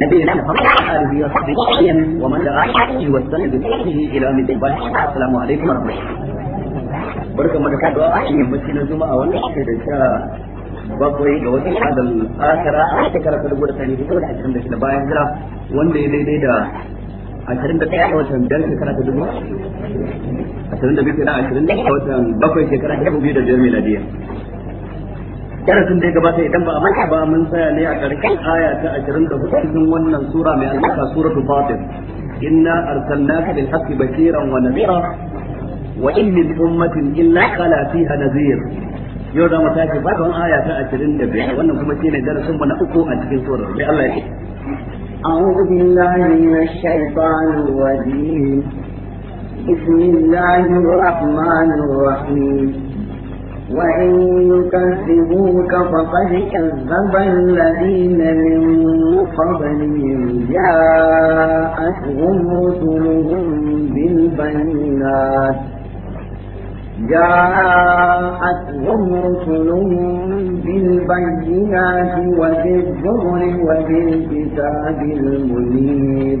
نبينا محمد وعلى اله وصحبه ومن دعا بدعوته واستنى بسنته يوم الدين السلام عليكم الله da bakwai ga a ta da bayan jira wanda ya daidai da da watan biyar shekara ta dubu da watan bakwai shekara da biyar darasin da ya gabata idan ba a manta ba mun tsaya ne a ƙarshen aya ta 24 cikin wannan sura mai albarka suratul fatir inna arsalnaka bil haqqi bashiran wa nadhira wa in min ummatin illa qala fiha nadhir yau za mu tashi ba ta aya ta 25 wannan kuma shine darasin mu na uku a cikin surar sai Allah ya ce أعوذ بالله من الشيطان الرجيم بسم الله الرحمن الرحيم وإن يكذبوك فقد كذب الذين من قبلهم جاءتهم رسلهم بالبينات جاءتهم رسلهم بالبينات وبالزهر وبالكتاب المنير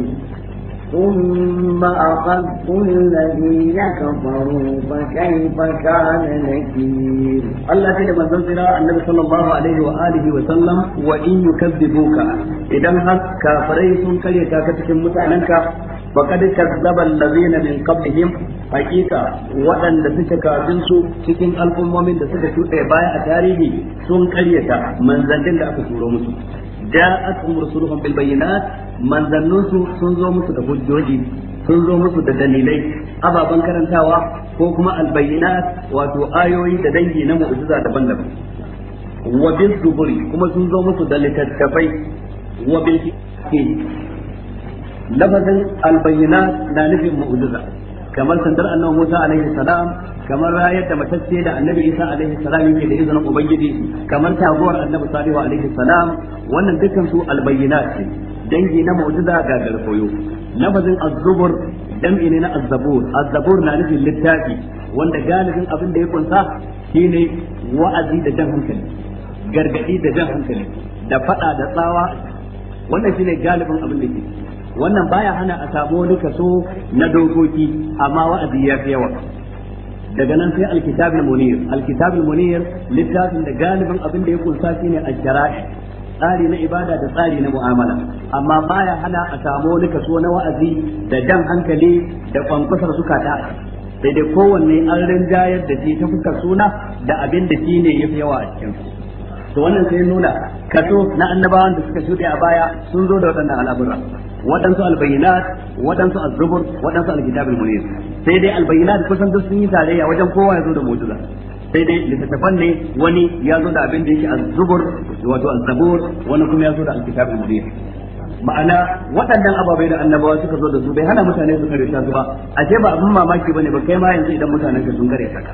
ثم أخذت الذين كفروا فكيف كان نكير الله كده من زنزنا النبي صلى الله عليه وآله وسلم وإن يكذبوك إذا هك كافري سنكري كاكتكم متعننك فقد كذب الذين من قبلهم حقيقة وأن لسك كافنسو تكين ألف مؤمن لسك شوء بايع تاريخي سنكري من زنزنا أكثر مسلم ja'atuhum rusuluhum bil bayyinat manzannun sun zo musu da hujjoji sun zo musu da dalilai ababan karantawa ko kuma al bayyinat wato ayoyi da dangi na mu'jiza daban-daban wa bil zuburi kuma sun zo musu da littattafai wa bil lafazin al bayyinat na nufin mu'jiza kamar sandar annabi Musa alaihi salam kamar rayar da matacce da annabi Isa alaihi salam yake da izinin ubangiji kamar taguwar annabi Salihu alaihi salam wannan dukkan su albayyinat ce dangi na mu'jiza ga garkoyo lafazin az-zubur jam'i ne na az-zabur az-zabur na nufin littafi wanda galibin abin da ya kunsa shine wa'azi da jan hankali gargadi da jan hankali da fada da tsawa wannan shine galibin abin da ke wannan baya hana a samu wani kaso na dokoki amma wa'azi ya fi yawa daga nan sai alkitab al-munir alkitab al-munir littafin da galibin abin da ya kunsa shine al-shara'i tsari na ibada da tsari na mu'amala amma baya hana a samu wani kaso na wa'azi da dan hankali da kwankwasar sukata sai dai kowanne an rinjayar da shi ta fuskar suna da abin da shi ne yafi yawa a cikin to wannan sai nuna kaso na annabawan da suka shuɗe a baya sun zo da waɗannan al'amura waɗansu albayinat waɗansu azzubur waɗansu alkitabul munir sai dai albayinat kusan duk sun yi tarayya wajen kowa ya zo da mu'jiza sai dai littattafan ne wani ya zo da abin da yake azzubur wato azzabur wani kuma ya zo da alkitabul munir ma'ana waɗannan ababai da annabawa suka zo da su bai hana mutane su kare su ba ashe ba abin mamaki bane ba kai ma yanzu idan mutanen ka sun kare saka.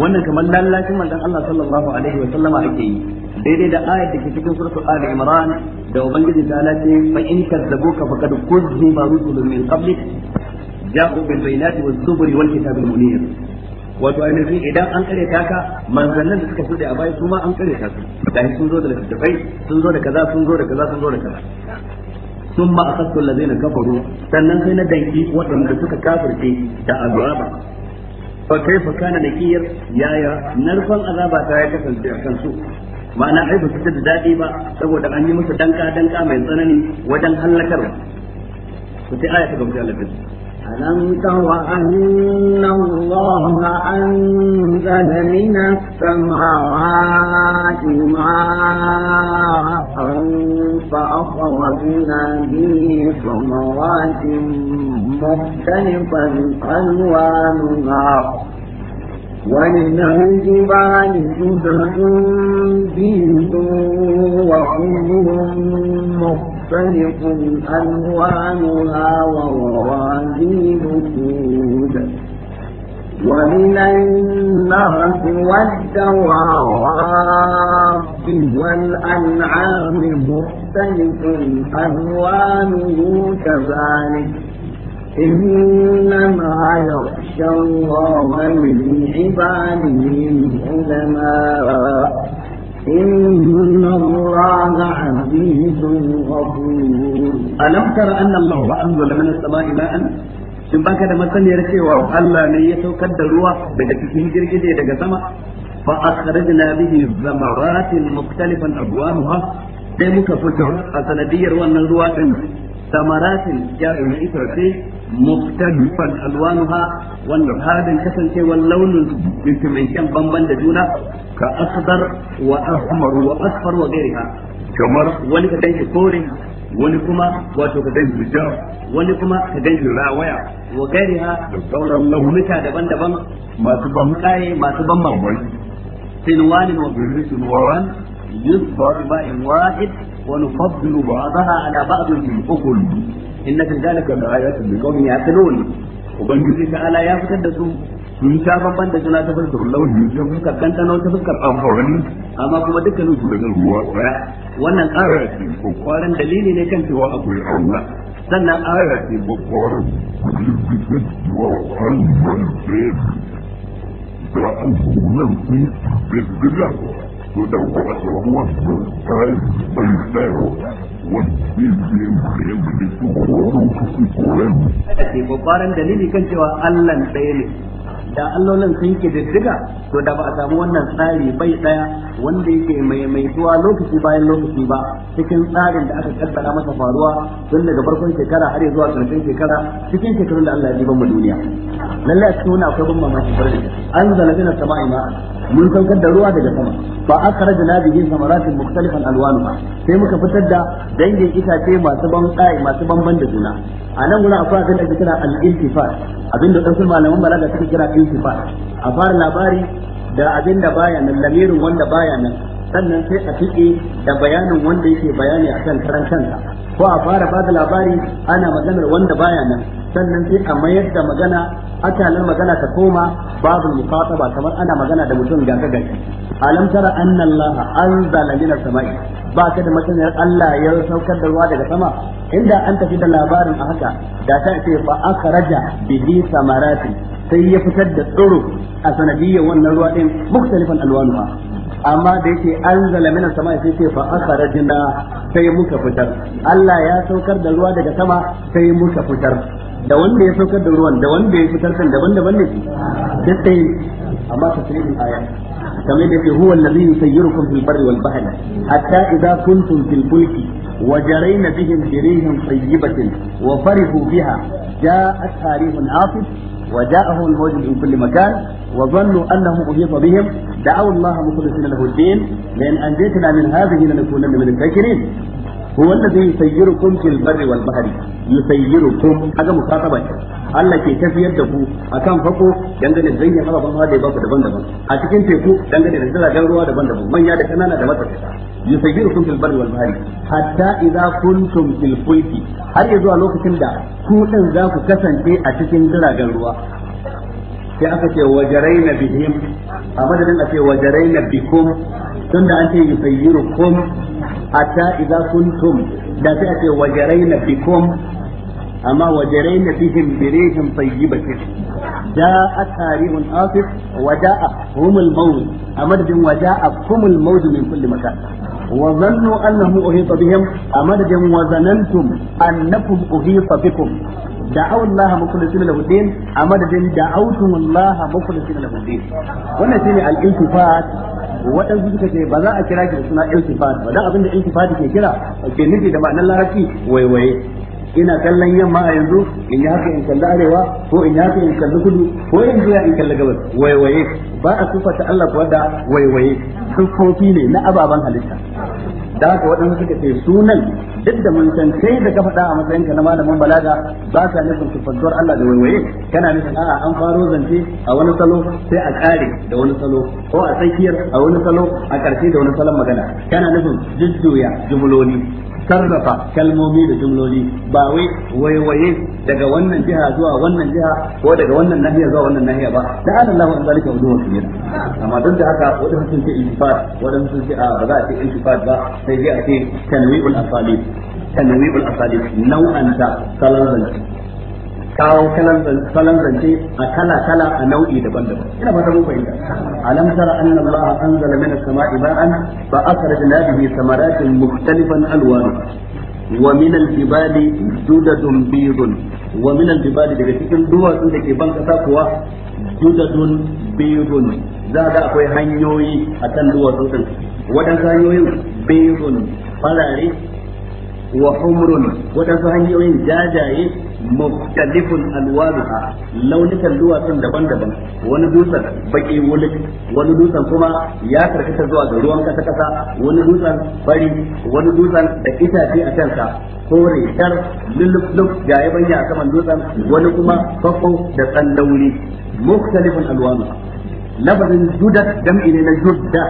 wannan kamar lallashin manzon Allah sallallahu alaihi wa sallama ake yi daidai da ayat da ke cikin suratul ali imran da ubangiji ta lace fa in kazzabuka faqad kuzziba rusulun min qablik ja'u bil bayinati was zubri wal kitabil munir wato ainihin idan an kare ta ka manzannin da suka shuɗe a baya su ma an kare ta su da sun zo da littattafai sun zo da kaza sun zo da kaza sun zo da kaza sun ma akasku lazina kafaru sannan sai na danki waɗanda suka kafirce da azaba fa kaifa kana nakiyar yaya narfan azaba ta ya kasance a kansu ma'ana ai ba su da daɗi ba saboda an yi musu danka danka mai tsanani wajen hallakarwa su sai aya ta gamsu alafin ألم تر ومن الجبال جدد بيض وحمر مختلف ألوانها ووراجيل سود ومن النهر والدواب والأنعام مختلف ألوانه كذلك إنما يخشى الله من عباده العلماء إن الله عزيز غفور ألم تر أن الله أنزل من السماء ماء shin baka da masaniyar cewa Allah ne ya saukar da ruwa daga cikin girgije daga sama fa akhrajna bihi zamaratin mukhtalifan alwanuha sai muka fitar a sanadiyar wannan ruwa din samaratin ya ita muftalifan alwanuha wanda halin kasancewar launin su mai shan bamban da juna ka asdar wa ahmar wa asfar wa gairiha kamar wani ka danki kore wani kuma wato ka danki ja wani kuma ka danki rawaya wa gairiha da sauran launuka daban-daban masu ban kaye masu ban ونفضل بعضها على بعض في الأكل إن في ذلك لآية لقوم يعقلون وبنجد تعالى يا فتن دسو من شاف من دسونا تفضل الله يجيب من كان تنو تفضل أفضل أما كم دكان وجود الله وانا آية بقارن دليل إن كان سوى أبو الأمة سنة آية بقارن بجد وعن من بيت وعن من بيت بالله كده وهو عايز يفتحه Ke babbaran dalili kan cewa Allah ɗaya ne da allolin sun yi diddiga to da ba a samu wannan tsari bai daya wanda yake maimaituwa lokaci bayan lokaci ba cikin tsarin da aka kaddara masa faruwa tun daga farkon shekara har zuwa karshen shekara cikin shekarun da Allah ya jiban mu duniya lalle a cikin wannan akwai ban mamaki farin an zalabina sama'i ma mun saukar da ruwa daga sama ba fa akhrajna bihi samaratin mukhtalifan ba sai muka fitar da dangin itace masu ban tsari masu banban da juna a nan gurin akwai abin da ake kira al-iltifat abin da wasu malaman balaga suke kira a fara labari da abin da baya nan lamirin wanda baya nan sannan sai a fiƙe da bayanin wanda yake bayani akan karan kansa ko a fara bada labari ana maganar wanda baya nan sannan sai a mayar da magana akalin magana ta koma babu ba kamar ana magana da mutum ga gaci alam tara anna allaha anzala minas samai ba ka da masaniyar Allah ya saukar da ruwa daga sama inda an tafi da labarin a haka da ta ce fa akhraja bihi samarati sai ya fitar da tsoro a sanadiyya wannan ruwa ɗin mukhtalifan alwanuha amma da yake anzala minas sama sai ce fa akhrajna sai muka fitar Allah ya saukar da ruwa daga sama sai muka fitar da wanda ya saukar da ruwan da wanda ya fitar kan daban-daban ne duk sai amma tasrifin aya kamar da yake huwa allazi yusayyirukum fil barri wal bahri hatta idza kuntum fil fulki وجرينا بهم بريح طيبة وفرحوا بها a tarihun afis وجاءهم الموج من كل مكان وظنوا انه احيط بهم دعوا الله مخلصين له الدين لئن انجيتنا من هذه لنكونن من الشاكرين هو الذي يسيركم في البر والبحر يسيركم هذا مخاطبة Allah ke tafiyar da ku akan fako dangane da zanyen ababen hawa da ya baku daban-daban a cikin teku dangane da jiragen ruwa daban-daban manya da kanana da matsakaita yusayyirukum fil barri wal bahari. hatta idza kuntum fil fulki har zuwa lokacin da ku din za ku kasance a cikin jiragen ruwa sai aka ce wajarai na bihim a madadin a ce wajarai na bikum tun da an ce yusayyirukum hatta idza kuntum da sai a ce wajaraina bikum amma wajaraina bihim bi rihin tayyibatin jaa tarihun asif wadaa humul maut amadin wadaa kumul maut min kulli makan وظنوا أنه أحيط بهم أمدد وظننتم أنكم أحيط بكم دعوا الله مخلصين له الدين أمدد دعوتم الله مخلصين له الدين wannan shine al-iltifat waɗansu suka ce ba za a kira shi da suna iltifat ba dan abinda iltifat ke kira ke nufi da ma'anar larabci waiwaye ina kallon yamma a yanzu in yi haka in kalli arewa ko in yi haka in kalli kudu ko in juya in kalli gabas waiwaye ba a sufata Allah kuwa da waiwaye kofi ne na ababen halitta da haka waɗansu suka ce sunan duk da mun san kai da ka faɗa a matsayinka na malamin balaga ba ka nufin tufantuwar Allah da waiwaye kana nufin a'a an faro zance a wani salo sai a ƙare da wani salo ko a tsakiyar a wani salo a ƙarshe da wani salon magana kana nufin jujjuya jumuloni sarrafa kalmomi da jumloli ba wai waiwaye daga wannan jiha zuwa wannan jiha ko daga wannan nahiya zuwa wannan nahiya ba da Allah wa zalika wa duwa amma duk da haka wadanda sun ce intifad, wadanda sun ce a ba za a ce intifad ba sai dai a ce tanwi'ul asalib tanwi'ul asalib nau'anta salon zance kawo salon zance a kala kala a nau'i daban-daban ina fata mun fahimta alam tara anna allaha anzala minas sama'i ma'an fa akhrajna bihi samaratin mukhtalifan alwanuha ومن الجبال جدد بيض ومن الجبال daga cikin duwatsu da ke ban kasa kuwa judadun biyun za ga akwai hanyoyi a kan duwatsu din waɗansu hanyoyin biyun farare wa humrun waɗansu hanyoyin jajaye mukhtalifun alwanuha launukan duwatsun daban-daban wani dutsen baki wani wani dutsen kuma ya karkata zuwa ga ruwan kasa kasa wani dutsen bari wani dutsen da itace a kansa kore tar lullublub ga yabanya a saman dutsen wani kuma fafo da tsallauri mukhtalifun alwanuha lafazin judat jam'i ne na judda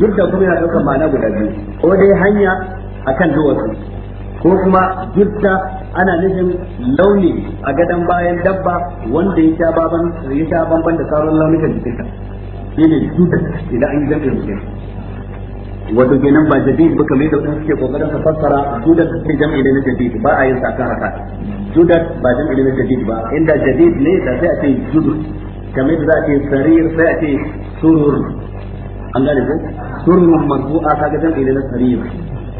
judda kuma yana ɗaukar ma'ana guda biyu ko dai hanya akan duwatsu ko kuma jirta ana nufin launi a gadon bayan dabba wanda ya sha baban ya sha bamban da sauran launukan jikinta ne jutta idan an ganta jikin wato kenan ba jadid ba kamar yadda kuma suke kokarin su fassara judat sai jam'i ne na jadid ba a yin sa kan haka judat ba jam'i ne na jadid ba inda jadid ne da sai a ce judud kamar yadda za a ce sarir sai a ce surur an gane ko surur marfu'a kaga jam'i ne na sarir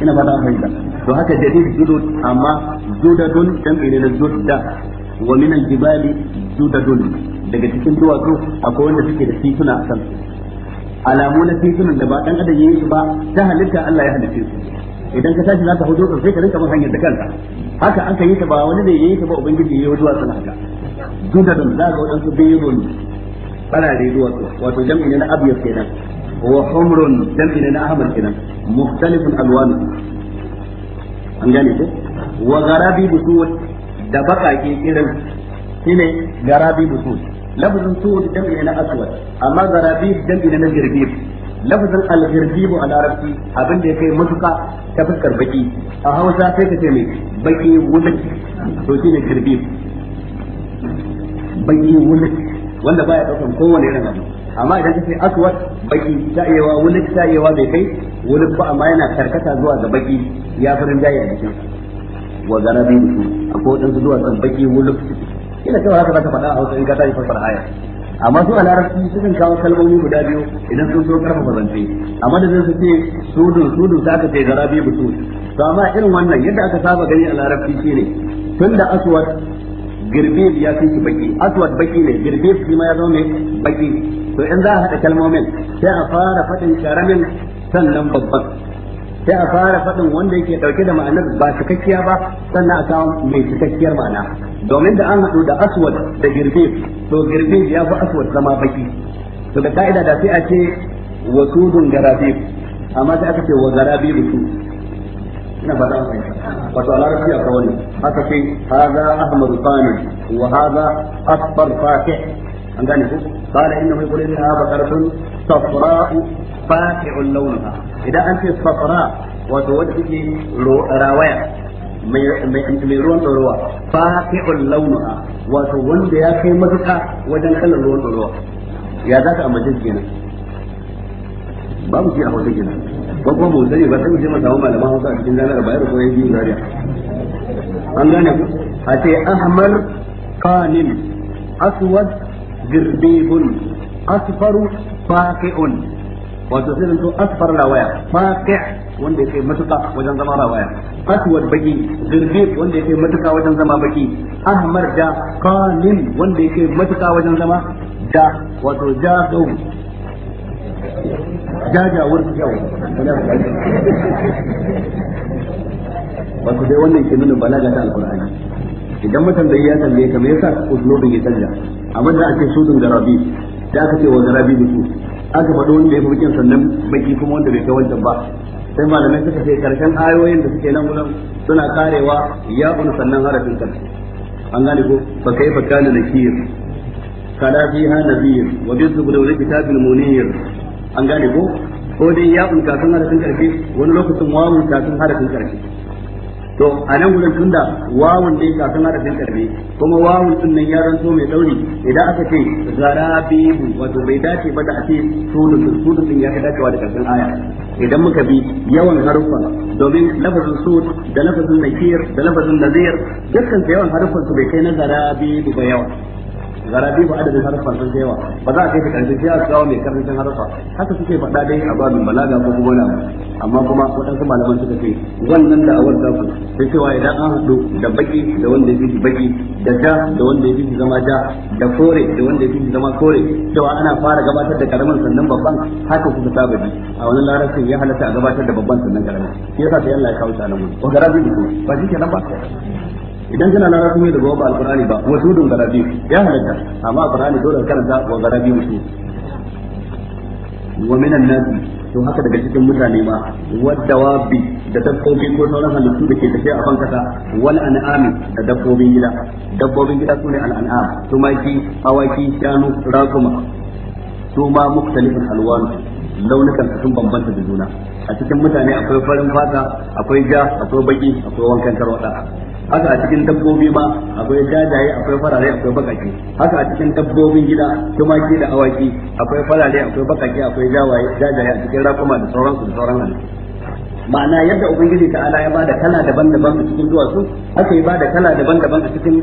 ina ba da fahimta to haka jadid judud amma judadun dan ne na judda wa min al-jibali judadun daga cikin duwatsu akwai wanda suke da tituna a kansu alamu na titunan da ba dan adam yayin su ba ta halitta Allah ya halitta su idan ka tashi zaka hudu sai ka rinka bin hanyar da kanka haka an kai ta ba wani ne yayin ta ba ubangiji yayin duwatsu sana haka judadun za ga wadansu bayrun farare duwatsu wato jam'i na abiyar kenan wa humrun jam'i na ahmar kenan mukhtalifun alwanu an gane ko wa garabi busud da bakake irin shine garabi busud lafzin suwud jam'i na aswad amma garabi jam'i na girbib lafazin algirbibu a larabci abin da ya kai matuka ta fuskar baki a hausa sai ka ce mai baki wulik to shine wanda baya daukan kowane irin amma idan kace aswad baki ta wani wa ta bai kai wani ba amma yana karkata zuwa ga baki ya farin jayi a jikin wa garabi mutu akwai dan zuwa ga baki wulu ina cewa haka zaka faɗa a wasu in ka ta fasara aya amma su a larabci sukan kawo kalmomi guda biyu idan sun so karfafa zance amma da zai su ce sudu za ka ce garabi mutu to amma irin wannan yadda aka saba gani a larabci shine tunda aswad girbe ya fi shi baki aswad baki ne girbe shi ma ya zama mai baki to in za a haɗa kalmomin sai a fara faɗin karamin sannan babban sai a fara faɗin wanda yake ɗauke da ma'anar ba cikakkiya ba sannan a kawo mai cikakkiyar ma'ana domin da an haɗu da aswad da girbe to girbe ya fi aswad zama baki to da ka'ida da sai a ce wa sudun garabib amma sai aka ce wa da su ina ba da an fahimta wato a larabci a kawai aka ce haza ahmadu fani wa haza asfar fatih an gane ko qala inna fi qulil ha baqaratun safra'u faqi'ul lawnaha idan an ce safra wato wanda take rawaya mai ruwan ɗorowa faqi'ul lawnaha wato wanda ya kai matuƙa wajen kallon ruwan ɗorowa ya za ka amince kenan babu shi a hausa kenan ba kuma mu sani ba sai mu je mu samu malaman hausa a cikin jami'ar bayar ko yanzu zaria an gane ku a ce ahmar qanim aswad girbihun asfaru faqi'un wato sai zanto asfar waya faqi' wanda yake matuka wajen zama waya. aswad baki girbih wanda yake matuka wajen zama baki ahmar da qanin wanda yake matuka wajen zama da wato jadu jajawar kyau wato dai wannan ke nuna balaga ta alqur'ani idan da ya tambaye ka me yasa uslubin ya canja amma da ake sudun garabi da aka ce wa garabi mutu. aka faɗo wanda ya fi bikin sannan baki kuma wanda bai kai wancan ba sai malamai suka ce karshen ayoyin da suke nan gudan suna karewa ya kun sannan harafin karshe an gane ko fa fa kana nakir kala fiha nabiyir wa bi zubul kitabul munir an gane ko ko dai ya kun kafin harafin karfi wani lokacin wawun kafin harafin karfi to a nan gurin tunda wawun da yake da harafin karbe kuma wawun din nan ya ranto mai dauri idan aka ce zarabibu wato bai dace ba da ake sunan sunan din ya ka dacewa da karshen aya idan muka bi yawan harufa domin lafazin sud da lafazin nakir da lafazin nazir dukkan yawan harufan su bai kai na zarabibu ba yawa garabi ba adadin harfa sun da yawa ba za a kai ka karshe su a kawo mai karancin harfa haka suke faɗa dai a ba babin balaga ko kuma na amma kuma waɗansu malaman suka ce wannan da awar ta ku sai cewa idan an haɗu da baki da wanda ya fi baki da ja da wanda ya fi zama ja da kore da wanda ya fi zama kore cewa ana fara gabatar da karamin sannan babban haka kuka saba ji a wani larabcin ya halatta a gabatar da babban sannan karamin shi yasa sai Allah ya kawo ta nan wa garabi ba shi nan ba idan kana larabci ne da ba ba alqur'ani ba wa sudun garabi ya halatta amma alqur'ani dole karanta wa garabi musu wa minan nas to haka daga cikin mutane ma wadawabi da dabbobi ko sauran halittu da ke tafe a bankasa wal an'ami da dabbobin gida dabbobin gida sune al an'am tumaki awaki shanu rakuma su ma muktalifin alwanu launukan su sun bambanta da juna a cikin mutane akwai farin fata akwai ja akwai baki akwai wankan tarwada haka a cikin dabbobi ba akwai jajaye akwai farare akwai bakake haka a cikin dabbobin gida tumaki da awaki akwai farare akwai bakake akwai jawaye jajaye a cikin rakuma da sauransu da sauran halittu ma'ana yadda ubangiji ta ala ya bada kala daban-daban a cikin duwatsu haka ya bada kala daban-daban a cikin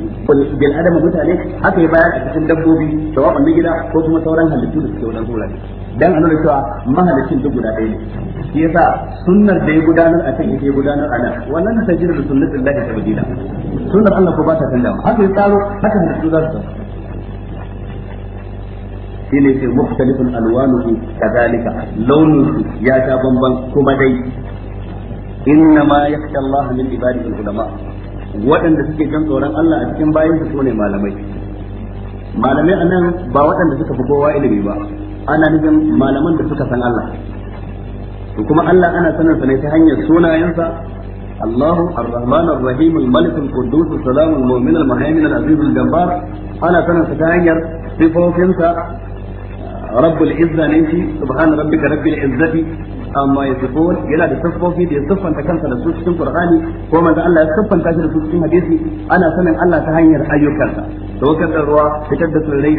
bil adam mutane akai ya a cikin dabbobi sawa'un na gida ko kuma sauran halittu da suke wajen wurare dan a nuna cewa mahalicin duk guda ɗaya ne shi yasa sunnar da ya gudanar a kan ita ya gudanar a nan wannan ta sanjira da sunnar Allah ta bidila sunnar Allah ko ba ta ba. haka ya tsaro haka ne su za su shi ne ce mukhtalifun alwanuhu kadalika launuhu ya ta bamban kuma dai inna ma yakhsha Allah min ibadihi ulama waɗanda suke kan tsoron Allah a cikin bayan su ne malamai malamai anan ba waɗanda suka fi kowa ilimi ba ana nufin malaman da suka san Allah to kuma Allah ana sanar sa ne ta hanyar sunayensa Allahu Ar-Rahman Ar-Rahim Al-Malik Al-Quddus salam Al-Mu'min Al-Muhaymin Al-Aziz Al-Jabbar ana sanar sa ta hanyar sifofinsa رب العزة نمشي سبحان ربك رب العزة yana da da ya siffanta ko manzo ya siffanta shi da su hadisi ana sanin Allah ta hanyar ayyukansa da fitar da tsirrai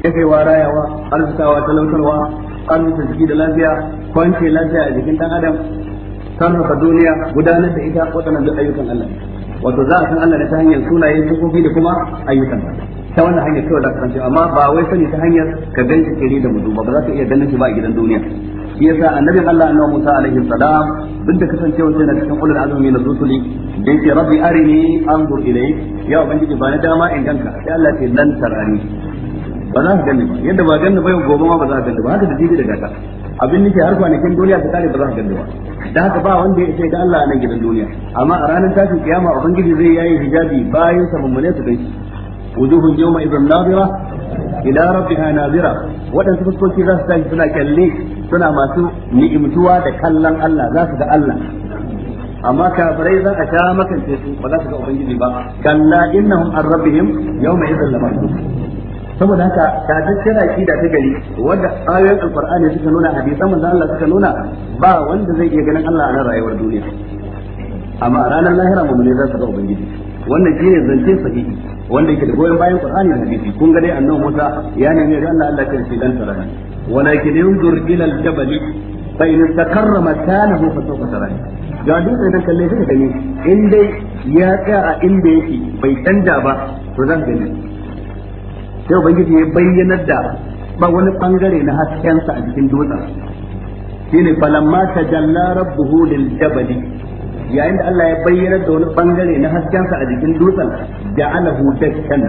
Kefewa, rayawa arzikawa talautarwa arzuta jiki da lafiya kwance lafiya a jikin dan adam sarrafa duniya gudanar da ita waɗannan duk ayyukan Allah wato za a san Allah ne ta hanyar sunaye sufofi da kuma ayyukan ta wannan hanyar kawai da ka san amma ba wai sani ta hanyar ka ganci kiri da mudu ba za ka iya ganin shi ba a gidan duniya shi yasa annabin Allah annabi Musa alaihi salam duk da kasancewa sai na cikin ulul azumi na rusuli da yake rabbi arini anzur ilayk ya ubangiji ba na dama in ganka sai Allah ya ce lan tarani ba za ka ganni ba yadda ba ganni ba gobe ma ba za ka ganni ba haka da jibi da gata abin nake har kwanakin duniya ta tare ba za ka ganni ba da haka ba wanda ya ce ga Allah a nan gidan duniya amma a ranar tashin kiyama ubangiji zai yayi hijabi bayan sa mummune su ganshi wujuhun yawma idan nadira ila rabbiha nadira waɗansu fuskoki za su tashi suna kyalle suna masu ni'imtuwa da kallon Allah za su ga Allah amma kafirai za a sha makance su ba za su ga ubangiji ba kalla innahum an rabbihim yawma idan lamarjun saboda haka tataccen aqida ta gari wanda ayoyin alqur'ani suka nuna hadisan manzo Allah suka nuna ba wanda zai iya ganin Allah a nan rayuwar duniya amma ranar lahira mu ne za su ga ubangiji wannan shine zance sahihi wanda yake da goyon bayan qur'ani da hadisi kun ga dai annabi Musa ya nemi ga Allah Allah kan shi dan sarani walakin yanzur ila al-jabali fa in takarra makanahu fa sawfa tarani ga dutse dan kalle shi ka gani in dai ya tsaya a inda yake bai canja ba to zan gani sai ubangiji ya bayyanar da ba wani bangare na haskensa a jikin dutsen shine falamma tajalla rabbuhu lil jabal yayin da Allah ya bayyana da wani bangare na haskensa a jikin dutsen da alahu dakkan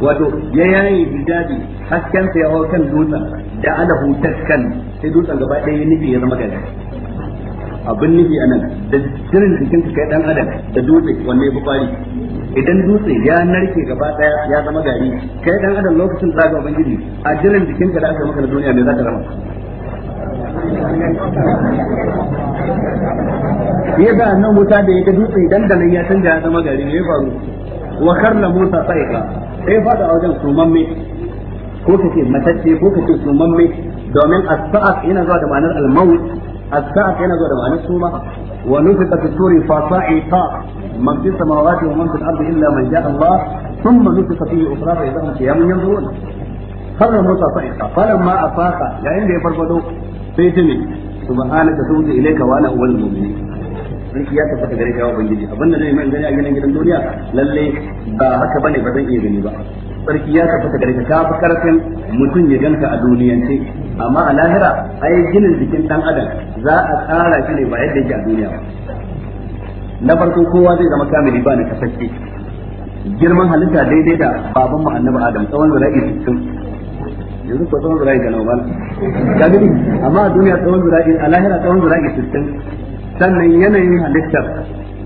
wato ya yayi hasken haskensa ya hawo kan dutsen da alahu dakkan sai dutsen gaba ɗaya nufi ya zama gari abin nufi anan da jirin jikin kai dan adam da dutse wanne ya fi idan dutse ya narke gaba daya ya zama gari kai dan adam lokacin da ga ubangiji ajalin jikin ka da aka maka na duniya me zaka rama ya da nan wuta da ya dutse idan da nan ya canja ya zama gari me ya faru wa karna musa saika sai fada a wajen sumamme ko kace matacce ko kace sumamme domin as-sa'at yana zuwa da ma'anar al-maut as-sa'at yana zuwa da ma'anar suma wa nufiqa fi suri fa sa'iqa من في السماوات ومن في الارض الا من شاء الله ثم نفخ فيه اخرى فاذا هم قيام ينظرون خر موسى صعقا فلما افاق يعني ده فرفدو sai ta ne subhanaka tawtu ilayka wa sarki ya tabbata gare ka ya ubangiji abin da zai mai gani a gidan gidan duniya lalle ba haka bane ba zan iya gani ba sarki ya tabbata gare ka ka fi karfin mutum ya ganka a duniyance amma a lahira ai ginin jikin dan adam za a tsara shi ne ba yadda yake a duniya ba na farko kowa zai zama kamili ba na kasance girman halitta daidai da baban mu annabi adam tsawon zura'i 60 yanzu ko tsawon zura'i ga nawal ga gani amma a duniya tsawon zura'i a lahira tsawon zura'i 60 sannan yanayin halittar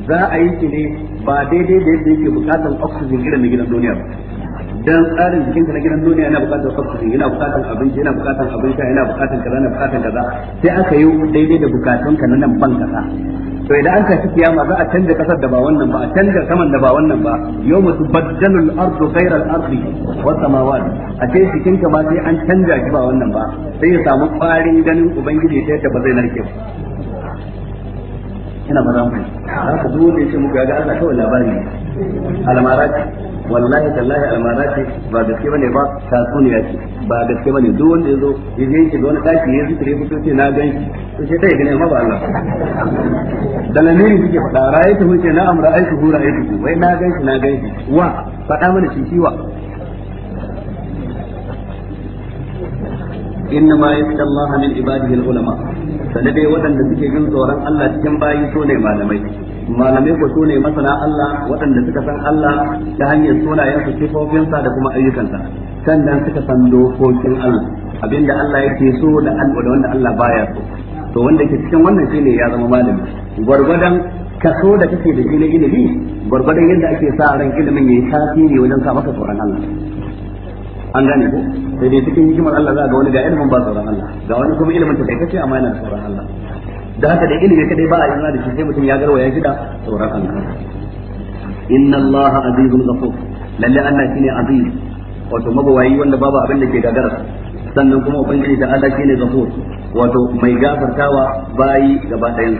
za a yi ne ba daidai da yadda yake bukatan oxygen irin na gidan duniya ba dan tsarin jikin ka na gidan duniya yana bukatar subsidy yana bukatar abinci yana bukatar abin sha yana bukatar kaza yana bukatar kaza sai aka yi daidai da bukatun ka na nan ban kasa to idan an tashi kiyama za a canza kasar da ba wannan ba a canza saman da ba wannan ba yawma tubaddalul ardu ghayra al-ardi wa samawat a ce cikin ka ba sai an canza shi ba wannan ba sai ya samu kwarin ganin ubangiji ta yadda ba zai narke ba ina ba za mu yi haka duk wanda ya ce muku ga Allah kawai labari alamara wallahi tallahi almara ce ba gaske bane ba tatsuniya ce ba gaske bane duk wanda yazo ya je shi da wani daki ya zikire fito ce na gan shi to sai dai gane ma ba Allah da lamiri suke faɗa ra'aytu hu ce na'am ra'aytu hu ra'aytu hu wai na gan shi na gan shi wa faɗa mana shi shi wa إنما يخشى الله من عباده العلماء sanadai waɗanda suke jin tsoron Allah cikin bayi so ne malamai malamai ko sune masana Allah waɗanda suka san Allah ta hanyar sunayensa sa da kuma ayyukansa sannan suka san dokokin Allah abinda Allah yake so da wanda Allah baya so to wanda ke cikin wannan shine ya zama malami gwargwadon kaso da kake da shi na ilimi gwargwadon yadda ake sa ran ilimin yayi tasiri wajen sa maka tsoron Allah an gane ko sai dai cikin hikimar Allah za ga wani ga ilimin ba tsoron Allah ga wani kuma ilimin ta kai kace amma yana tsoron Allah da haka da ilimi kadai ba a yi da shi sai mutum ya ya ji da tsoron Allah inna allaha azizun ghafur lalle Allah shine aziz wato mabawayi wanda babu abin da ke gagara sannan kuma ubangiji da Allah shine ghafur wato mai gafartawa bayi gaba ɗayan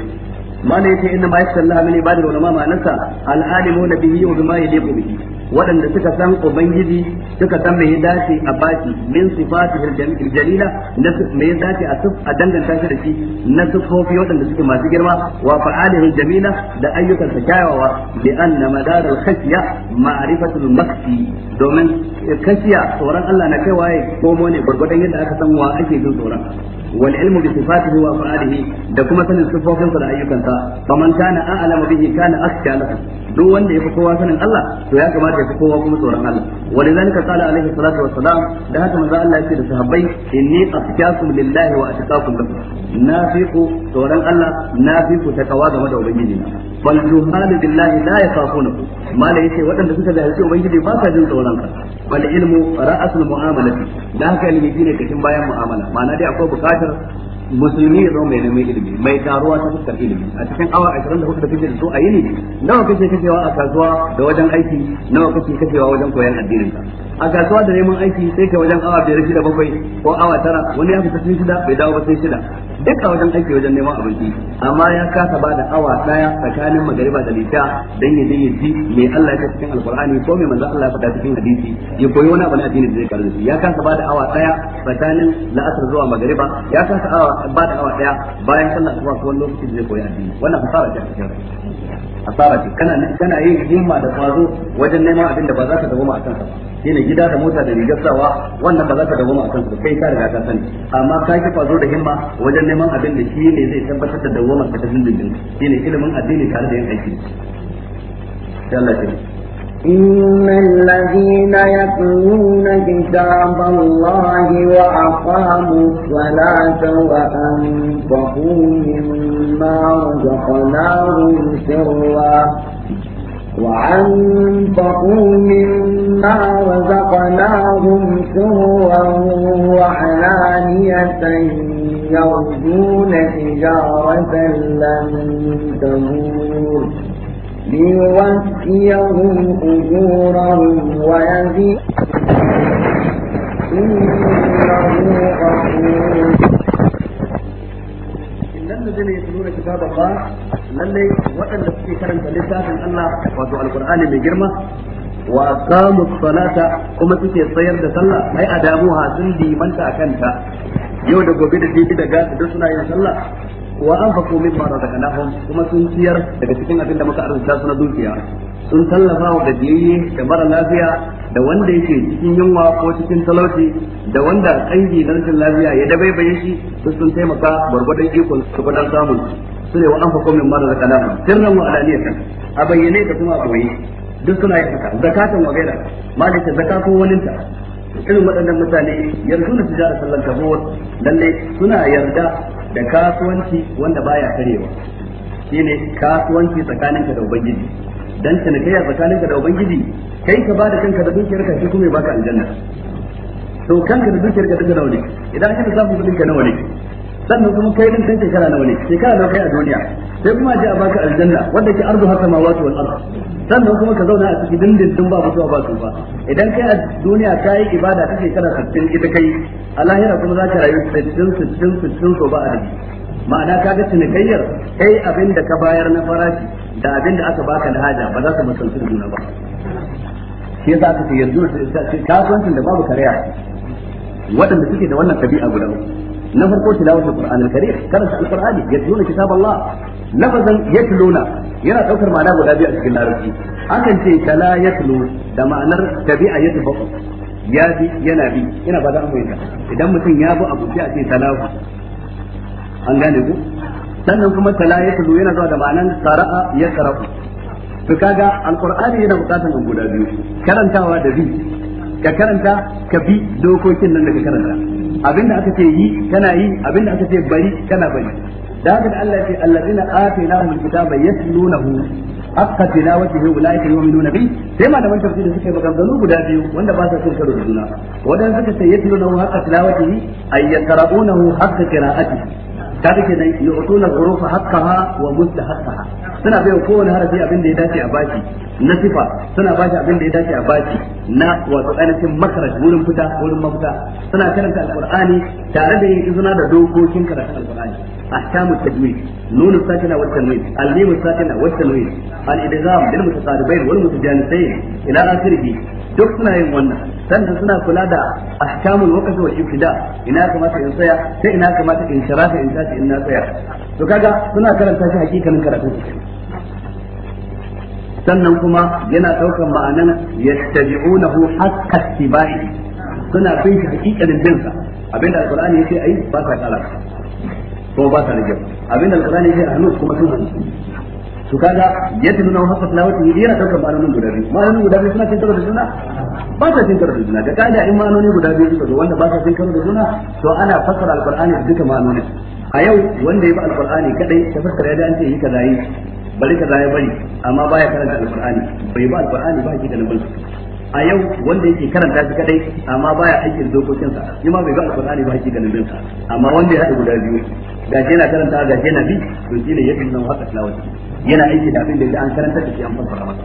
ma ne yace inna ma yasallahu min ibadihi wa ma ma'anasa al-alimuna bihi wa bima bihi waɗanda suka san ubangiji suka san me ya dace a baki min sifatihi jalila na me ya dace a suf a danganta shi da shi na sufofi waɗanda suke masu girma wa fa'alihi jamila da ayyukan sa kyawawa bi anna madar al khashiya ma'rifatul maksi domin eh, khashiya tsoron Allah na kai waye komo ne gurgurdan yadda aka san wa ake jin tsoron wal ilmu bi sifatihi wa fa'alihi da kuma sanin sifofinsa da ayyukansa faman kana a'lamu bihi kana aska lahu duk wanda yafi kowa sanin Allah to ya kamata ya fi kowa kuma tsoron Allah walidhalika qala alaihi salatu wassalam da haka manzo Allah ya ce da sahabbai inni asqakum lillahi wa atqakum lahu na fi ku tsoron Allah na fi ku game da ubangiji bal juhalu billahi la yakhafuna malai yace waɗanda suka zalunci ubangiji ba sa jin tsoron ka bal ilmu ra'asul mu'amalati da haka ilimi shine kashin bayan mu'amala ma'ana dai akwai bukatar musulmi ya zama mai neman ilimi mai karuwa ta fuskar ilimi a cikin awa 24 da kake da su a yini nawa kake kashewa a kasuwa da wajen aiki nawa kake kashewa wajen koyon addinin ka a kasuwa da neman aiki sai ka wajen awa biyar da bakwai ko awa tara wani ya fita tafi shida bai dawo ba sai shida duk a wajen aiki wajen neman abinci amma ya kasa ba da awa daya tsakanin magariba da lita dan ya je ya ji me Allah ya cikin alqur'ani ko me manzo Allah ya faɗa cikin hadisi ya koyi wani abu na addini da zai karanta ya kasa ba da awa daya tsakanin la'asar zuwa magariba ya kasa ba da awa daya bayan sallar zuwa ko lokaci da zai koyi addini wannan fasara ce cikin tsara ce kana kana yin himma da kwazo wajen neman abin da ba za ka ma a kansa ba shine gida da mota da rigar sawa wannan ba za ka dawo akan su kai ka riga ka sani amma ka ki fazo da himma wajen neman abin da shi ne zai tabbatar da dawo maka cikin dindin shine ilimin addini tare da yin aiki Allah ya إن الذين يتلون كتاب الله وأقاموا الصلاة وأنفقوا مما رزقناهم سرا وأنفقوا مما رزقناهم سرا وحنانية يرجون تجارة لن تبور ليوفيهم أجورهم ويزيدهم إنه غفور lokacin da zai yi da kitab Allah lalle waɗanda suke karanta littafin Allah wato alqur'ani mai girma wa qamu salata kuma suke tsayar da sallah ai a damu ha sun limanta kanta yau da gobe da jibi da gasa duk suna yin sallah wa anfaqu mimma razaqnahum kuma sun ciyar daga cikin abin da muka arzuta suna dukiya sun tallafa wa biyayye da mara lafiya da wanda yake cikin yunwa ko cikin talauci da wanda kangi na rashin lafiya ya bayan shi su sun taimaka gwargwadon ikon su gudan samun su ne wa anfaqu mimma razaqnahum sirran wa alaniyatan a bayyane da kuma a boye duk suna yin haka zakatan wa gaira malaka ko walinta irin waɗannan mutane yanzu na tijara sallan kabur lalle suna yarda da kasuwanci wanda baya karewa shine kasuwanci tsakaninka da ubangiji dan tsakanin tsakaninka da ubangiji kai ka bada kanka da dukiyar ka shi kuma ya baka aljanna to kanka da dukiyar ka daga nawa ne idan aka samu kudin ka nawa ne sannan kuma kai din kanka kana nawa ne shekara nawa kai a duniya sai kuma ji a baka aljanna wanda ke arzu haka mawatu wal ardh sannan kuma ka zauna a cikin dindindin ba mutuwa ba su ba idan kai a duniya kai ibada kake kana sattin ita kai a lahira kuma za ka rayu sittin sittin sittin so ba a rage ma'ana ka ga cinikayyar kai abin da ka bayar na farashi da abin da aka baka da haja ba za ka da juna ba shi yasa aka ce yanzu kasuwancin da babu kariya. waɗanda suke da wannan ɗabi'a guda na farko tilawatul qur'an al-karim karanta al-qur'ani yatluna kitab Allah lafazan yatluna yana daukar ma'ana guda biyu a cikin larabci akan ce kala yatlu da ma'anar tabi'a yatbu ya bi yana bi yana ba da amfani idan mutum ya bi abu sai a ce talahu an gane ku sannan kuma tala ya tazo yana zuwa da ma'anan qara'a ya tsara'u to kaga alqur'ani yana bukatan an guda biyu karantawa da bi ka karanta ka bi dokokin nan da ka karanta abinda aka ce yi kana yi abinda aka ce bari kana bari da haka da Allah ya ce allazina atainahu alkitaba yatlunahu akka tilawatihi ulaika yu'minuna bi sai malaman tafsir da suke maganganu guda biyu wanda ba sa son karo da juna wadanda suka ce yatluna hakka ta ay yaqra'unahu hakka qira'atihi kaga kenan yu'tuna hurufa ha wa mustahaqqaha suna bai wa kowane harafi abin da ya dace a baki na sifa suna bashi abin da ya dace a baki na wato ainihin makaraj wurin fita wurin mafita suna karanta alqur'ani tare da yin izina da dokokin karatun alqur'ani أحكام التجويد نون الساكنة والتنوين الميم الساكنة والتنوين الإدغام للمتقاربين والمتجانسين إلى آخره duk suna yin wannan sanda suna kula da ahkamul waqf wal ibtida ina kamata in tsaya sai ina kamata in sharafa in tashi in na tsaya to kaga suna karanta shi hakikanin karatu sannan kuma yana daukan ma'anan yattabi'unahu haqqa ittiba'i suna bin shi hakikanin bin sa abinda alqur'ani yake ai ba ka tsara ko ba ta rage abinda alƙalani ya a hannu kuma sun hannu su kaga yadda nuna haka tilawati ne yana daukar ma'anonin guda biyu ma'anonin guda biyu suna cin karo da juna ba ta cin karo da juna ga kada in ma'anoni guda biyu suka zo wanda ba ta cin karo da juna to ana fassara alqur'ani da duka ma'anonin a yau wanda ya bi alqur'ani kadai ta fassara yadda an ce yi kaza yi bari kaza ya bari amma baya karanta alqur'ani bai ba alqur'ani ba shi da nan a yau wanda yake karanta shi kadai amma baya aikin dokokin sa shi ma bai ga alqur'ani ba yake ganin sa amma wanda ya hada guda biyu gaje yana karanta gaje yana bi to ne yake nan haka tilawati yana aiki da abin da an karanta da shi an fara masa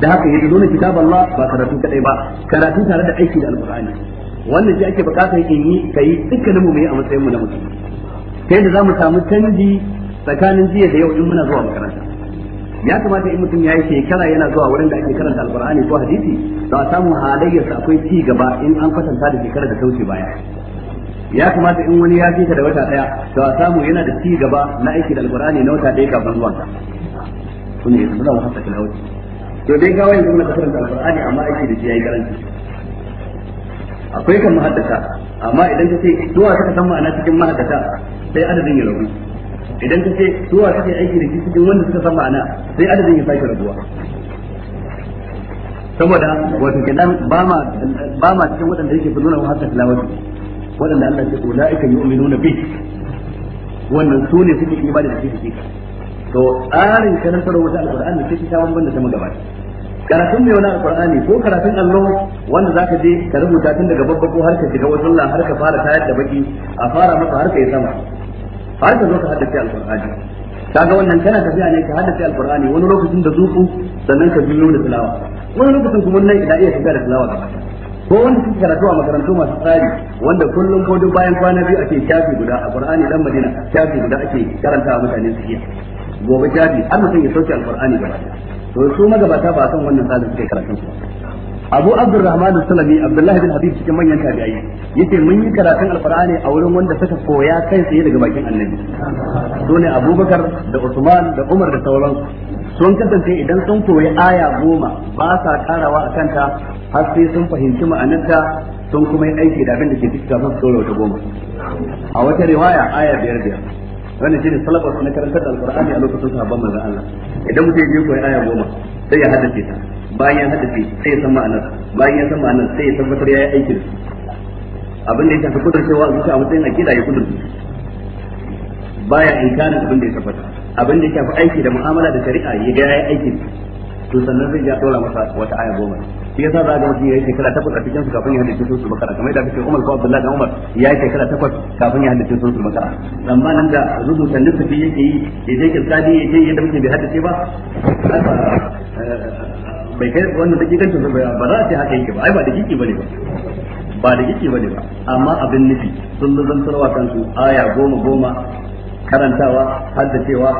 da haka yadda dole kitab Allah ba karatu kadai ba karatu tare da aiki da alqur'ani wannan shi ake bukata in yi kai dukkanin mu mu yi a matsayin mu na mutum ta yadda zamu samu canji tsakanin jiya da yau in muna zuwa makaranta ya kamata in mutum ya yi shekara yana zuwa wurin da ake karanta alkur'ani ko hadisi za a samu halayyarsa akwai ci gaba in an kwatanta da shekara da ta baya ya kamata in wani ya fita da wata daya to a samu yana da ci gaba na aiki da alkur'ani na wata daya kafin zuwan sa kun yi zama wa hasaka wuce to dai ga wani zama karanta alkur'ani amma aiki da shi yayi garanti akwai kan mahaddata amma idan ka ce zuwa ka san ma'ana cikin mahaddata sai adadin ya rabu idan ka ce suwa kake aiki da shi cikin wanda suka san ma'ana sai adadin ya sake rabuwa saboda wato kenan ba ma ba ma cikin waɗanda yake nuna wa hasa tilawatu waɗanda Allah ya ce ulaika yu'minuna bi wannan su ne suke imani da shi cikin to tsarin ka nasarar wata alqur'ani sai ta bambanta ta magabata karatun mai wani alqur'ani ko karatun allo wanda zaka je ka rubuta tun daga babba ko har ka shiga wasallah har ka fara tayar da baki a fara maka har ka yi sama har ka zo ka haddace alqur'ani kaga wannan kana tafiya ne ka haddace alqur'ani wani lokacin da zuku sannan ka biyo da tilawa wani lokacin kuma nan idan iya tafiya da tilawa gaba ko wanda suke karatu a makarantu masu tsari wanda kullum ko duk bayan kwana biyu ake shafi guda a qur'ani dan madina shafi guda ake karanta a mutane su iya gobe shafi har mutum ya sauke alqur'ani gaba to su magabata ba san wannan tsarin suke karatun su abu abdurrahman salami abdullahi bin habib cikin manyan tabi'ai yace mun yi karatun alqur'ani a wurin wanda suka koya kai tsaye daga bakin annabi to ne abubakar da usman da umar da sauran sun kasance idan sun koyi aya goma ba sa karawa a kanta har sai sun fahimci ma'anarta sun kuma yi aiki da abin da ke cikin kafin su wata goma a wata riwaya aya biyar biyar wannan shine salabar na karantar da alqur'ani a lokacin sahabban manzon Allah idan mutum ya koyi aya goma sai ya hadace ta bayan ya hadace sai ya san ma'anar bayan ya san ma'anar sai ya tabbatar yayi aikin abin da ya tafi kudurcewa zuciya a matsayin akida ya kudur baya inkarin abin da ya tabbata abin da ya tafi aiki da mu'amala da shari'a ya ga yayi aikin to sannan zai ya dora masa wata aya goma shi yasa za ga mutum yayi shekara takwas a cikin su kafin ya haddace sun su bakara kamar da kake Umar ko Abdullahi Umar ya yayi shekara takwas kafin ya haddace sun su bakara amma nan da sannan lissafi yake yi idan kirkadi ya je yadda muke bai haddace ba bai kai wannan dakikancin ba ba za a ce haka yake ba ai ba kike bane ba ba da kike bane ba amma abin nufi sun zantarwa kansu aya goma goma karantawa haddacewa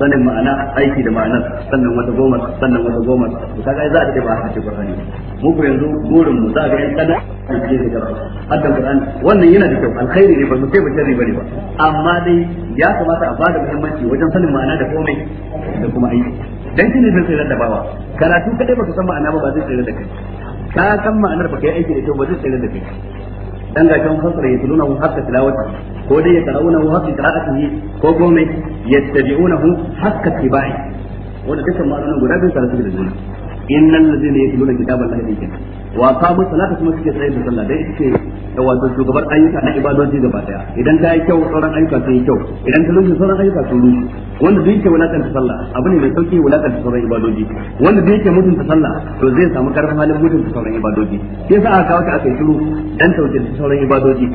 sanin ma'ana aiki da ma'anar sannan wata goma sannan wata goma da kaga za a ce ba haka ce Qur'ani mu ku yanzu burin mu za ga yan kada da ke da Qur'ani hadda Qur'ani wannan yana da kyau alkhairi ne ba mu sai ba sharri bane ba amma dai ya kamata a bada muhimmanci wajen sanin ma'ana da komai da kuma aiki dan shi ne zai tsira da bawa karatu kadai baka san ma'ana ba ba zai tsira da kai ka san ma'anar ba kai aiki da kyau ba zai tsira da kai dan ga kan fasara hu hakka tilawata ko dai ya hu hakka qira'atihi ko ko mai yattabi'unahu hakka tibai wanda dukkan ma'anonin guda biyu tare da juna innal ladina yatluna kitaballahi ne kenan wa qamu salata kuma suke tsaye da sallah dai suke da wato shugabar ayyuka na ibadoji gaba daya idan ta yi kyau sauran ayyuka sun yi kyau idan ta rushe sauran ayyuka sun rushe wanda zai yake ta sallah abu ne mai sauki ta sauran ibadoji wanda zai yake mutunta sallah to zai samu karfin halin mutunta sauran ibadoji sai sa aka kawo ta aka yi shiru dan tauce sauran ibadoji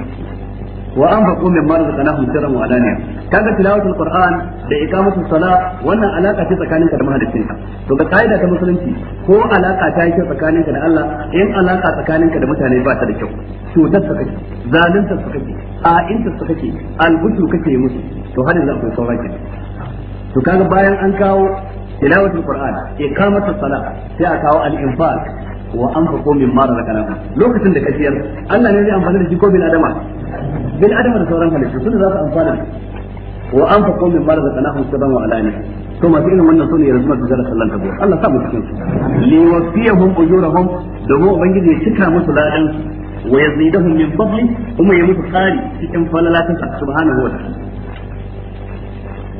wa anfaqu mimma razaqnahum sirran wa alaniya kaga tilawatul qur'an da iqamatus sala wannan alaka ce tsakanin ka da mahaliccin ka to ga kaida ta musulunci ko alaka ta yake tsakanin ka da Allah in alaka tsakanin da mutane ba ta da kyau cutar ta kake zalunta ta kake a'inta ta kake albutu kake mutu. to har yanzu akwai to kaga bayan an kawo tilawatul qur'an iqamatus sala sai a kawo al wa anfaqu mimma razaqnakum lokacin da kaciyar Allah ne zai amfana da shi ko bil adama bil adama da sauran halittu sun za su amfana wa anfaqu mimma razaqnahum sirran wa alaniya to masu irin wannan sune yanzu masu jalla sallan tabo Allah sa mu cikin su li wasiyahum ujurahum domin ubangiji ya cika musu ladan wa yazidahum min fadli kuma ya musu tsari cikin falalatin subhanahu wa ta'ala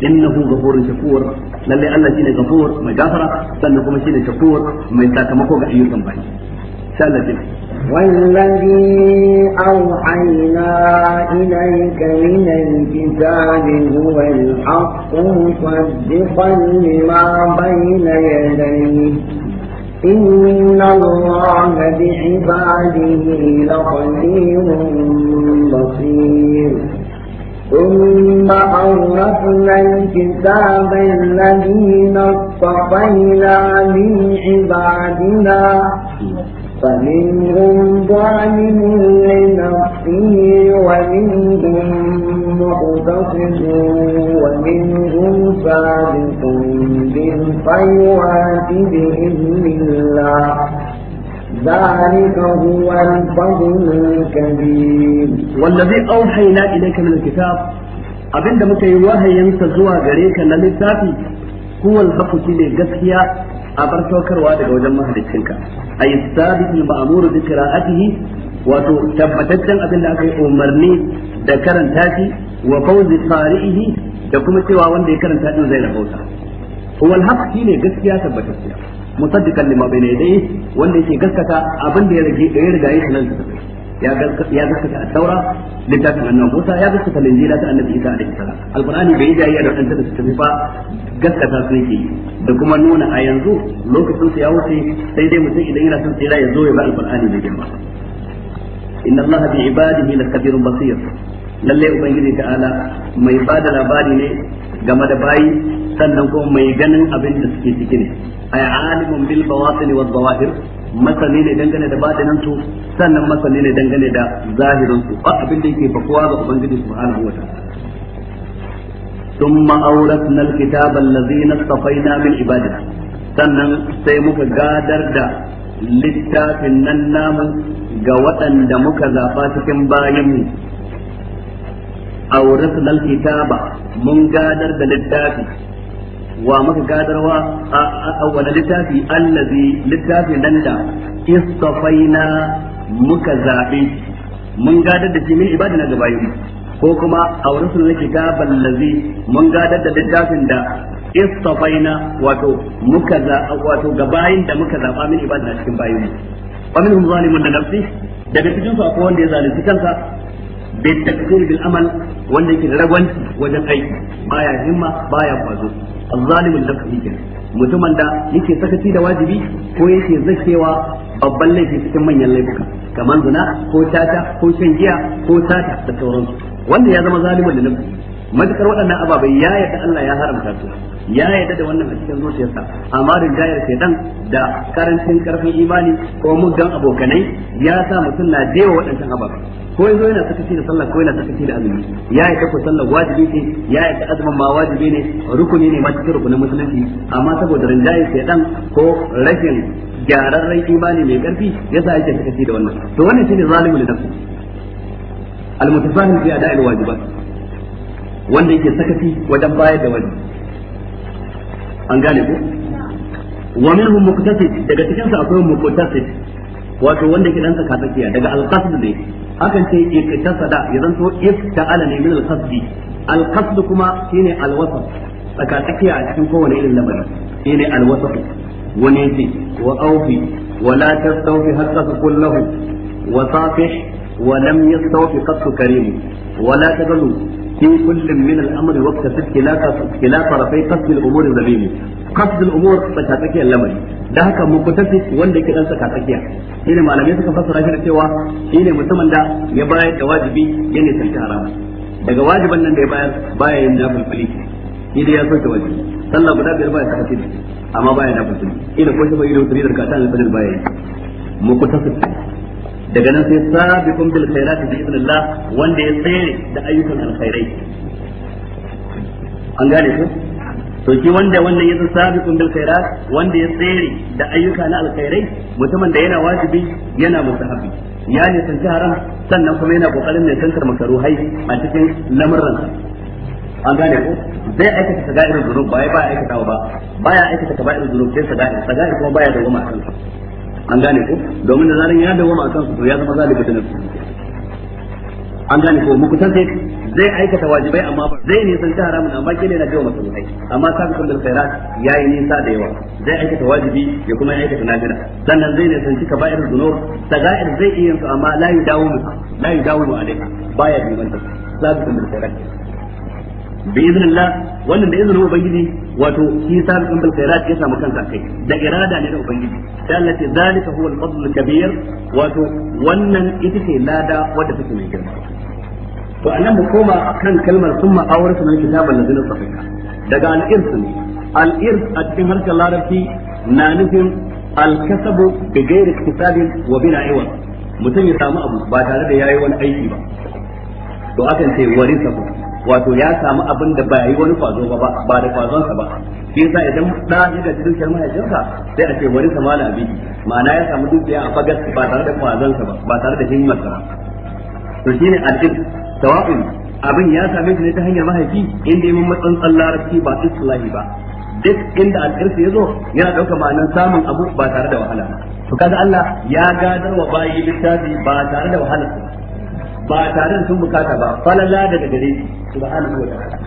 innahu ghafurun shakur Lallai Allah shine gafur mai gafara sannan kuma shine shakur mai sakamako ga ayyukan bayi sai Allah ya والذي أوحينا إليك من الكتاب هو الحق مصدقا لما بين يديه إن الله بعباده لقدير بصير ثم أورثنا الكتاب الذين اصطفينا من عبادنا فمنهم ظالم لنفسه ومنهم مقتصد ومنهم سابق بالخيرات بإذن الله ذلك هو الفضل الكبير والذي أوحينا إليك من الكتاب abin da muka yi wahayinsa zuwa gare ka na littafi huwal hakuki ne gaskiya a bar saukarwa daga wajen ka a yi sabitin ma'amuru da kira'atihi wato tabbataccen abin da aka yi umarni da karanta shi wa fawzi qari'ihi da kuma cewa wanda ya karanta din zai rahota huwal hakuki ne gaskiya tabbatacciya musaddiqan lima bayna yadayhi wanda yake gaskata abin da ya rage ya riga ya halal ya gaskata ya gaskata at-taura littafin annabi Musa ya gaskata linjila ta annabi Isa alaihi salam alqur'ani bai yi da wadanda da suka ba gaskata su yake da kuma nuna a yanzu lokacin su ya wuce sai dai mutum idan yana son tsira ya zo ya ba alqur'ani bai girma inna allaha bi ibadihi lakabirun basir lalle ubangiji ta'ala mai bada labari ne game da bayi sannan kuma mai ganin abin da suke ciki ne ay alimun bil bawatin wal zawahir masani ne dangane da batinan su sannan masani ne dangane da zahirin su ba abin da yake bakuwa ga ubangiji subhanahu wa ta'ala ثم أورثنا الكتاب الذين اصطفينا من عبادنا sannan sai muka gadar da littafin nan namu ga waɗanda muka zaɓa cikin bayanmu awrasna alkitaba mun gadar da littafi wa muka gadarwa a wani littafi allazi littafi nan da istafaina muka zaɓe mun gadar da shi min ibadina ga bayu ko kuma a wurin sun nake gaban mun gadar da littafin da istafaina wato muka za wato ga bayin da muka zaɓa min ibadina cikin bayu wa minhum zalimun da nafsi daga cikin su akwai wanda ya zalunci kansa bai takfir bil amal wanda yake da ragwanci wajen aiki baya himma baya kwazo azzalimin lafafi kenan mutumin da yake sakaci da wajibi ko yake zakewa babban laifi cikin manyan laifuka kamar zina ko tata ko shan giya ko sata da sauransu wanda ya zama zalimin da lafafi matukar waɗannan ababai ya yadda Allah ya haramta su ya yadda da wannan a cikin zuciyarsa amma rinjayar shaidan da karancin karfin imani ko muggan abokanai ya sa mutum na jewa waɗancan ababai ko yanzu yana sakaci da sallah ko yana sakaci da azumi ya yadda ko sallah wajibi ce ya yadda azumin ma wajibi ne rukuni ne ma cikin rukunin musulunci amma saboda rinjayar shaidan ko rashin gyararren imani mai karfi sa yake sakaci da wannan to wannan shine zalimul nafsi al mutafahim fi ada'il wajibat wanda yake sakaci wajen bayar da wani an gane ko wa minhum muqtasid daga cikin sa akwai muqtasid wato wanda ke dan saka daga alqasd ne akan ce iktasada ya zanto ifta'ala ne min alqasd alqasd kuma shine alwasat saka a cikin kowane irin lamari shine alwasat wani yake wa aufi wa la tastawfi hatta kullahu wa safih wa lam yastawfi qattu karim wa la tagalu في كل من الامر واكتسب خلاف خلاف رفي قصد الامور زميم قصد الامور tsakatsakiya lamari da haka mukutafi wanda yake dan shi ne malamai suka fassara shi da cewa ne musamman da ya bayar da wajibi ya ne tantar haram daga wajiban nan da ya bayar baya yin da shi da ya soke wajibi sallah guda biyar baya saka tibi amma baya nafilfili ina ko shi bai yi da katan alfadil baya yi mukutafi daga nan sai sabiqun bil khairat bi idnillah wanda ya tsere da ayyukan alkhairai an gane ku to ki wanda wannan yasa sabiqun bil khairat wanda ya tsere da ayyuka na alkhairai mutumin da yana wajibi yana mustahabi ya ne san haram sannan kuma yana kokarin ne santar makaruhai a cikin lamuran an gane ko zai aikata sagairin zunub ba ya ba aikatawa ba baya aikata kaba'ir zuru sai sagair sagair kuma baya da goma a kansa an gane ko domin da zarin ya dawo akan su to ya zama zalika da nafsi an gane ko mu kusan sai zai aikata wajibai amma ba zai san ta haramun amma ke ne na masu masalai amma sabiqun bil khairat yayi nisa da yawa zai aikata wajibi ya kuma aikata nafila sannan zai nisan ci kaba'ir dhunub sagair zai iya amma la yudawu la mu alaiha baya bi manta kusan bil khairat bi iznillah wannan da izinin ubangiji wato shi sa da bil khairat ya samu kanka kai da irada ne da ubangiji sai Allah ce zalika huwa al-fadl kabir wato wannan ita ce lada wadda take mai girma to anan mu koma kan kalmar summa awratu min kitabal ladina safika daga al-irs ne al-irs a cikin harkar larabci na nufin al-kasabu bi ghairi iktisabin wa bila iwan mutum ya samu abu ba tare da yayi wani aiki ba to akan ce warisa wato ya samu abin da ba yi wani kwazo ba ba da kwazonsa ba shi yasa idan da ya gaji dukiyar mahaifinsa sai a ce wani sama na abiki ma'ana ya samu dukiya a fagas ba tare da kwazonsa ba ba tare da himmar sa to shine addin tawafin abin ya same shi ne ta hanyar mahaifi inda yayin matsantsan larabci ba islahi ba duk inda alƙirsu ya zo yana ɗauka ma'anar samun abu ba tare da wahala to kaga Allah ya gadar wa bayi littafi ba tare da wahala ba tare da sun bukata ba falala daga gare shi subhanahu wa ta'ala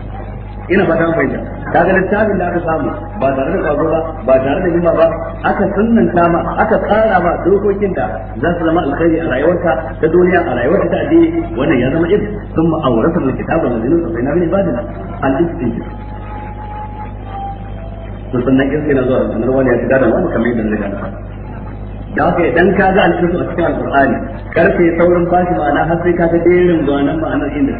ina fata mun fahimta kaga littafin da aka samu ba tare da kwazo ba ba tare da himma ba aka sunnanta ma aka tsara ma dokokin da za su zama alkhairi a rayuwarka ta duniya a rayuwarka ta addini wannan ya zama ibn thumma awrasna alkitaba alladhina sabaina min ibadina al-ibn to sannan in na zuwa sanar wani ya shiga da wani kamar yadda na gana da haka dan ka ga alƙur'ani a cikin alƙur'ani karfe saurin bashi ma'ana har sai ka ga zuwa nan ma'anar inda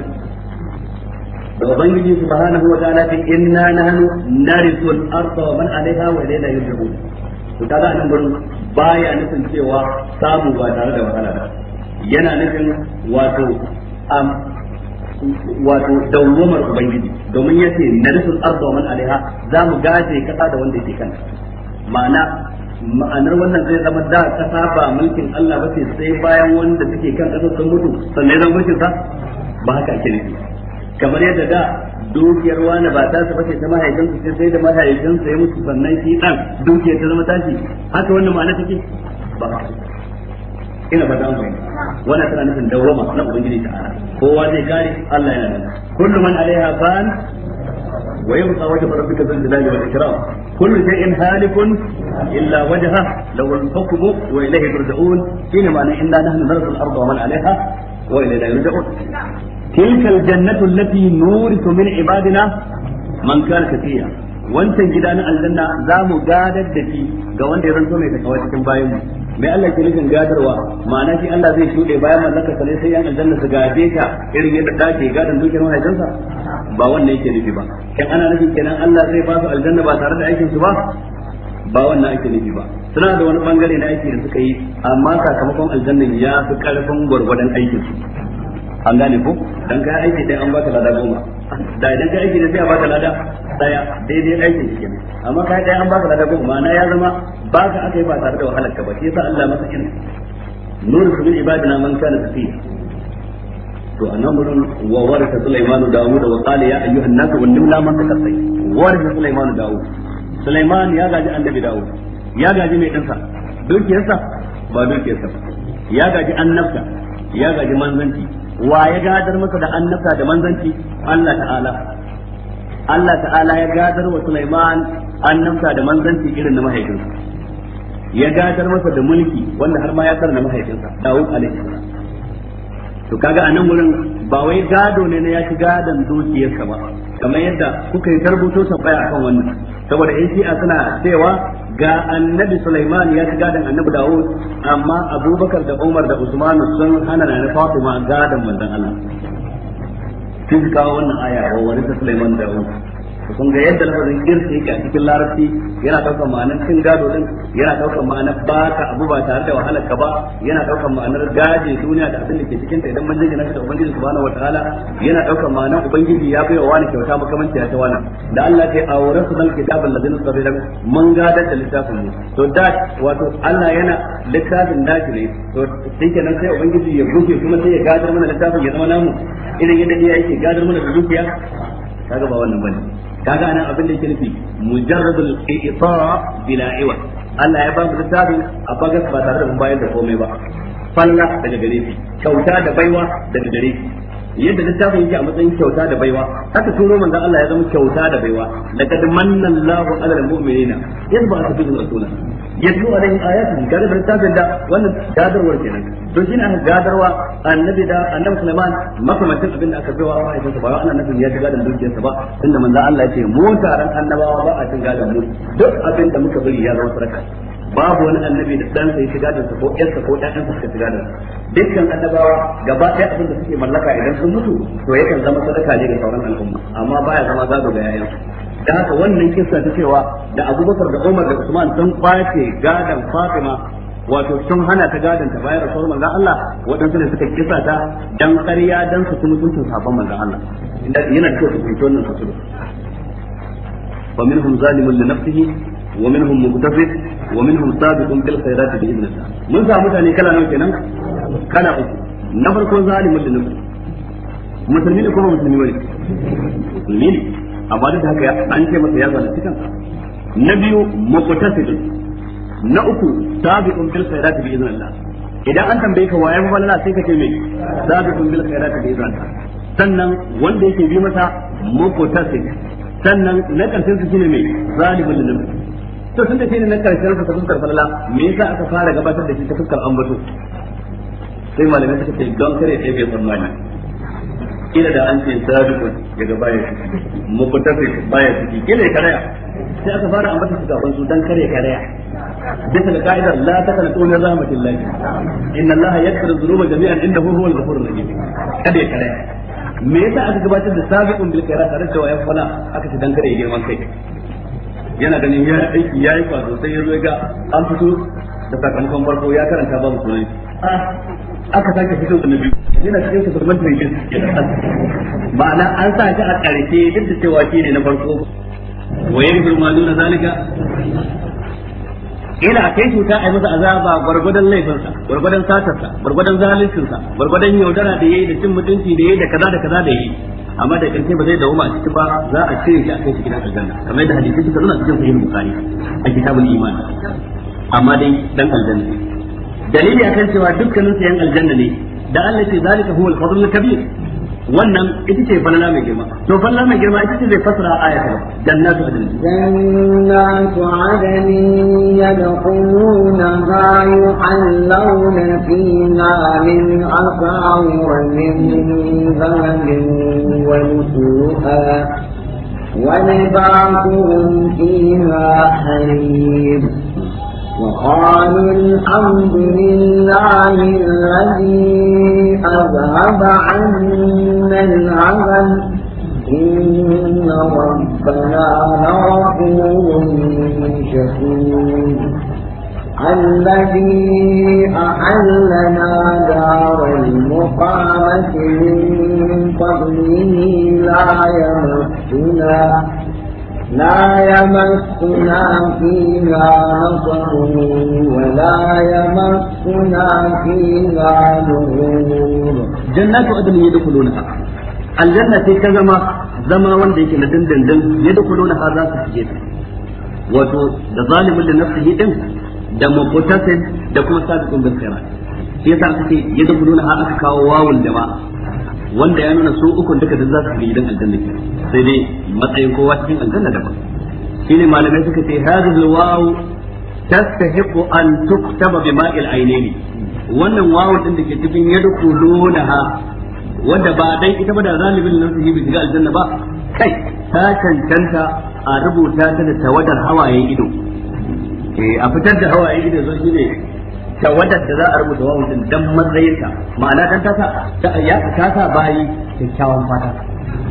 da ubangiji subhanahu wa ta'ala na inna nahnu narisul arda wa man alaiha wa ilayna yurja'un to kaga anan gurin baya nufin cewa samu ba tare da wahala ba yana nufin wato am wato dawwamar ubangiji domin yace narisul arda wa man alaiha zamu gaje kasa da wanda yake kanta ma'ana ma'anar wannan zai zama da ka saba mulkin Allah ba sai bayan wanda suke kan kasar sun mutu sannan ya zama mulkin sa ba haka ake nufi kamar yadda da dukiyar wani ba ta ce ta su sai sai da mahaifinsa ya mutu sannan shi dan dukiyar ta zama tashi haka wannan ma'ana take ba ina ba dan bai wannan tana nufin dawwama na ubangiji ta'ala kowa zai kare Allah yana nan kullu man alaiha fan ويبقى وجه ربك ذو الجلال والإكرام كل شيء هالك إلا وجهه لو الحكم وإليه ترجعون حينما إنا نحن نرد الأرض ومن عليها وإلينا يرجعون تلك الجنة التي نورث من عبادنا من كان كثيرا wancan gida na aljanna za mu gadar da shi ga wanda ya zanto mai takawa cikin bayan mai Allah ke nufin gadarwa ma'ana shi Allah zai shuɗe bayan mallakar sa ne sai yan aljanna su gade ta irin yadda ta ke gadan dukiyar mahaifinsa ba wannan yake nufi ba kan ana nufin kenan Allah zai ba su aljanna ba tare da aikin su ba ba wannan ake nufi ba suna da wani bangare na aiki da suka yi amma sakamakon aljannan ya fi karfin gwargwadon aikin su an gane ko dan ga aiki dai an baka lada goma da idan kai aiki ne sai a baka lada daya daidai aiki shi kenan amma kai dai an baka lada goma ma'ana ya zama baka aka yi ba tare da wahalar ka ba shi yasa Allah masa kin nuru min ibadina man kana tafiya to anan gurin wa warisa Sulaiman daud wa qala ya ayyuhan nas wa nimla man takasai warisa Sulaiman daud Sulaiman ya gaji annabi daud ya gaji mai dinsa dukiyarsa ba dukiyarsa ya gaji annabta ya gaji manzanci wa ya gadar masa da annabta da manzanci Allah ta'ala Allah ta'ala ya gadar wa Sulaiman annabta da manzanci irin na mahaifinsa ya gadar masa da mulki wanda har ma ya tsara na mahaifinsa Dawud alaihi salam to kaga anan wurin ba wai gado ne na ya ci gadon dukiyarsa ba kamar yadda kuka yi tarbuto tambaya akan wannan saboda in shi'a suna cewa ga annabi Sulaiman ya ci gadon annabi Dawud amma Abubakar da Umar da Usman sun hana na Fatima gadon manzon Allah kin kawo wannan aya wa ta Sulaiman Dawud kusan ga yadda lafazin irsi yake a cikin larabci yana daukar ma'anar cin gado din yana daukar ma'anar ka abu ba tare da wahalar ka ba yana daukar ma'anar gaje duniya da abin da ke cikin ta idan mun jinjina shi da ubangiji subhanahu wataala yana daukar ma'anar ubangiji ya bai wa wani kyauta makamanci ya ta wani da Allah ya aurasu dal kitabul ladin sabiran mun gadar da littafin mu to da wato Allah yana littafin da ne to sai nan sai ubangiji ya buke kuma sai ya gadar mana littafin ya zama namu idan yadda ya yake gadar mana da dukiya kaga ba wannan bane kaga anan abin da yake nufi mujarradul i'ta bila iwa Allah ya ba mu littafi a bagas ba tare da mun bayar da komai ba falla daga gare shi kyauta da baiwa daga gare shi yadda littafin yake a matsayin kyauta da baiwa haka turo manzon Allah ya zama kyauta da baiwa laqad manna Allahu 'alal mu'minina yadda ba su fi rasula yatlu wa ayatin gare da littafin da wannan gadarwar kenan to shine an gadarwa annabi da annabi Sulaiman makamancin abin da aka biwa wa idan ba wannan annabi ya shiga da dukiyar sa ba tunda manzo Allah ya ce mu taran annabawa ba a cin gadan mu duk abin da muka bari ya zama sadaka babu wani annabi da dan sai shiga da ko ko ɗan sa suka shiga da dukkan annabawa gaba ɗaya abin da suke mallaka idan sun mutu to yakan zama sadaka ne ga sauran al'umma amma baya zama gado ga yayansu da haka wannan kissa ta cewa da abubakar da umar da usman sun kwace gadon fatima wato sun hana ta gadon ta bayar rasuwar manzon Allah waɗansu ne suka kisa ta dan ƙarya dan su kuma sun sabon manzon Allah inda yana da su fito wannan su wa minhum zalimun li nafsihi wa minhum muqtasid wa minhum sabiqun bil khairat bi idnillah mun sa mutane kala nawa kenan kala uku na farko zalimun li nafsihi musulmi ne kuma musulmi ne musulmi ne amma duk da haka an ce masa ya zalunci kansa na biyu muqtasidun na uku sabiqun bil khairat bi idnillah idan an tambaye ka waye fa Allah sai ka ce me sabiqun bil khairat bi idnillah sannan wanda yake bi masa muqtasid sannan na karshen su shine me zalibul lil to tunda shine na karshen su ta fuskar falala me yasa aka fara gabatar da shi ta fuskar ambato sai malamai suka ce don kare sai bai tsammani kila da an ce sabiqun daga baya ciki muqtasid baya ciki kila ya karaya sai aka fara ambata su gaban su dan kare karaya bisa da ka'idar la taqnatu min rahmatullahi inna Allah yaghfiru dhunuba jami'an innahu huwal ghafurur rahim kada ya karaya me yasa aka gabatar da sabiqun bil khairat tare da wayan fala aka ce dan kare girman kai yana ganin ya aiki yayi kwazo sai ya zo ga an fito da sakamakon farko ya karanta babu sunan aka sake fito da biyu yana cikin su zaman mai bin ma'ana an sa shi a ƙarshe duk da cewa shi ne na farko Waye ne kuma nuna zalika Ina kai cuta ai masa azaba gwargwadon laifinsa gwargwadon satarsa gwargwadon zalincinsa gwargwadon yaudara da yayi da cin mutunci da yayi da kaza da kaza da yayi amma da karshe ba zai dawo a ciki ba za a ce shi a kai shi gidan aljanna kamar yadda hadisi suka nuna cikin sahih bukhari a kitabul iman amma dai dan aljanna dalili akan cewa dukkanin sayan aljanna ne da Allah ce zalika huwal fadlul kabir wannan ita ce falala mai girma to falala mai girma ita ce zai fasara aya ta jannatu adnin jannatu adnin yadkhulunaha yuhallawna fiha min asawir min wa nusuha فيها وقالوا الحمد لله الذي أذهب عنا العمل إن ربنا لغفور شكور الذي أحلنا دار المقامة من فضله لا يمسنا لا يمسنا فيها نصر ولا يمسنا فيها لغور جنات عدن يدخلونها الجنة كزما زما wanda yake na dindindin ya dukulu na za su shige ta wato da zalimin da nafsihi din da mabutasin da kuma sabiqun bil khairat shi yasa aka ce ya dukulu na aka kawo wawul jama'a wanda ya nuna su ukun duka duk za su shiga gidan aljanna ke sai dai matsayin kowa cikin aljanna daban ne malamai suka ce hadhihi waw tastahiqu an tuktaba bima'il aynaini wannan waw din da ke cikin yadkhulunaha wanda ba dai ita ba da zalibin nan su yi bi shiga aljanna ba kai ta cancanta a rubuta ta da tawadar hawayen ido eh, a fitar da hawayen ido zo shine tawadar da za a rubuta wa mutum dan matsayinka ma'ana dan ta sa ya ta sa bayi kyakkyawan fata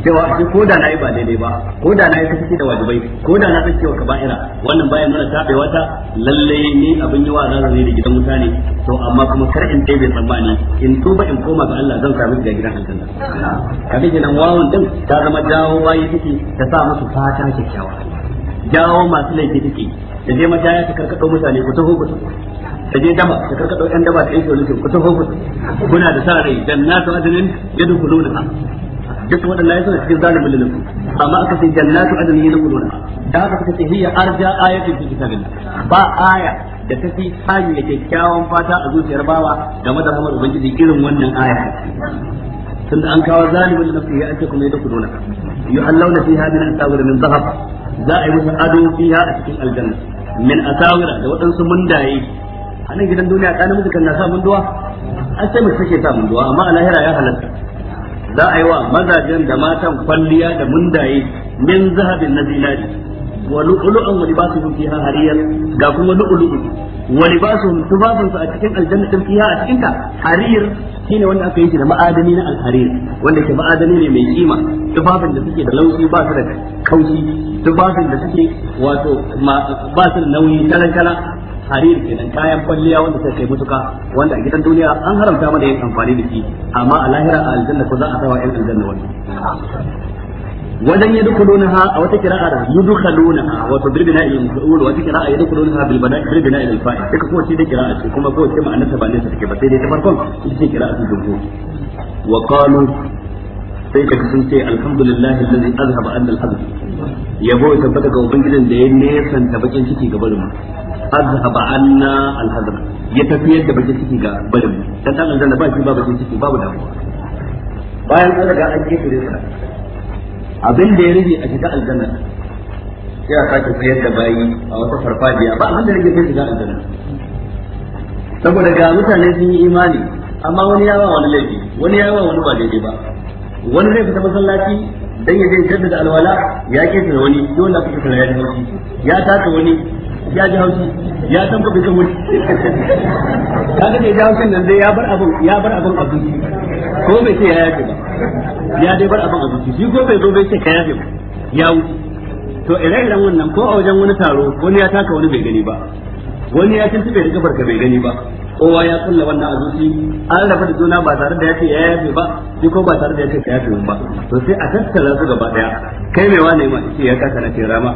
cewa shi ko da nayi ba daidai ba ko da nayi kace da wajibai ko da na sake wa kaba'ira wannan bayan mana tabewa wata lalle ni abin yawa wa zan da gidan mutane to amma kuma kar in dai bai tsammani in tuba in koma ga Allah zan samu da gidan aljanna kaje gidan wawan din ta zama jawo bayi take ta sa musu fata kyakkyawa jawo masu laifi take da je mata ya ta karkado mutane ku taho ku ta je daba ta karkado yan daba ta yanke wani ku tafi kuna da sa rai jannatu adnin yadkhuluna duk waɗanda ya suna cikin zalimin lulun amma aka ce jannatu adnin yadkhuluna da haka suka ce hiya arja ayatin fi kitabillah ba aya da ta fi tsari da kyakkyawan fata a zuciyar bawa game da ramar ubangiji irin wannan aya tunda an kawo zalimin nafsi ya ake kuma yadkhuluna fi fiha min asawir min dhahab za a yi musu ado fiha a cikin aljanna min asawira da waɗansu mundaye a nan gidan duniya ɗan namiji kan na sa duwa an ce mace take sa munduwa amma a lahira ya halatta za a yi wa mazajen da matan kwalliya da mundaye min zahabin na zinari wa lu'lu'an wa libasuhum fiha hariyar ga kuma lu'lu'u wa libasuhum tubabun a cikin aljanna din fiha a cikin ta harir shine wanda aka yi shi da ma'adani na al alharir wanda ke ma'adani ne mai kima tubabun da suke da lauki ba su da kaushi tubabun da suke wato ba su da nauyi talakala harir kenan kayan kwalliya wanda sai kai mutuka wanda a gidan duniya an haramta mana yin amfani da shi amma a lahira a aljanna ko za a tawa yan aljanna wani wajen yadkhulunaha a wata kira'a da yadkhulunaha wato Birbina bina'i al-maf'ul wata kira'a yadkhulunaha bil bina'i bil bina'i al-fa'il duka ko shi da kira'a ce kuma ko ce ma'anarsa ba ne take ba sai dai ta farkon ita ce kira'a ta dubu wa qalu sai ka sun ce alhamdulillah alladhi azhaba anna al-hazan yabo tabbata ga ubangijin da ya nesa ta bakin ciki ga barin azhaba anna alhazan ya tafiyar da bakin ciki ga barin dan dan aljanna ba shi ba bakin ciki babu damuwa bayan an riga an kefere sa abin da ya rage a shiga aljanna sai a sake tsayar da bayi a wata farfajiya ba abin da rage sai shiga aljanna saboda ga mutane sun yi imani amma wani yawa wani laifi wani yawa wani ba daidai ba wani laifi ta masallaci dan ya je jaddada alwala ya kefere wani dole a fita ya ji ya taka wani ya ji haushi ya san ba bisa wuri kaga da ya haushin nan dai ya bar abin ya bar abin abinci ko bai ce ya yafe ba ya dai bar abin abinci shi ko bai zo bai ce ka yafe ba ya wuce to ire-iren wannan ko a wajen wani taro wani ya taka wani bai gani ba wani ya tuntu bai da ka bai gani ba kowa ya kulla wannan azuci an rafa da juna ba tare da ya ce ya yafe ba shi ko ba tare da ya ce ya yafe ba to sai a tattala su gaba daya kai mai wane ma ya kasa na ce rama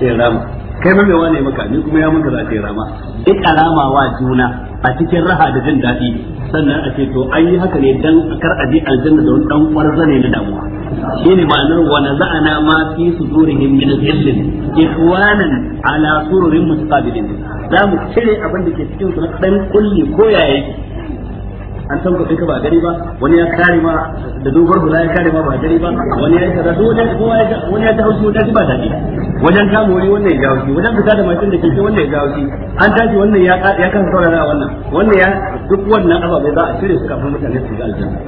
ce rama kai ma mai wane maka ni kuma ya maka za ta yi rama duk alama wa juna a cikin raha da jin daɗi sannan a ce to an yi haka ne dan kar a je aljanna da wani dan kwarza ne na damuwa shine ma'anar wa naza'ana ma fi sudurihim min ghillin ikhwanan ala sururin mustaqbilin za mu cire abin da ke cikin su na dan kulli ko an san kuɗi ka ba gari ba wani ya kare ma da dogon hula ya kare ma ba gari ba wani ya kaza duk wajen kowa ya wani ya ta haushi wajen ba daɗi wajen kama wuri wannan ya haushi wajen fita da mashin da keke wannan ya haushi an tashi wannan ya ya kasa saurara wannan wannan ya duk wannan ababai za a cire su kafin mutane su ga aljanna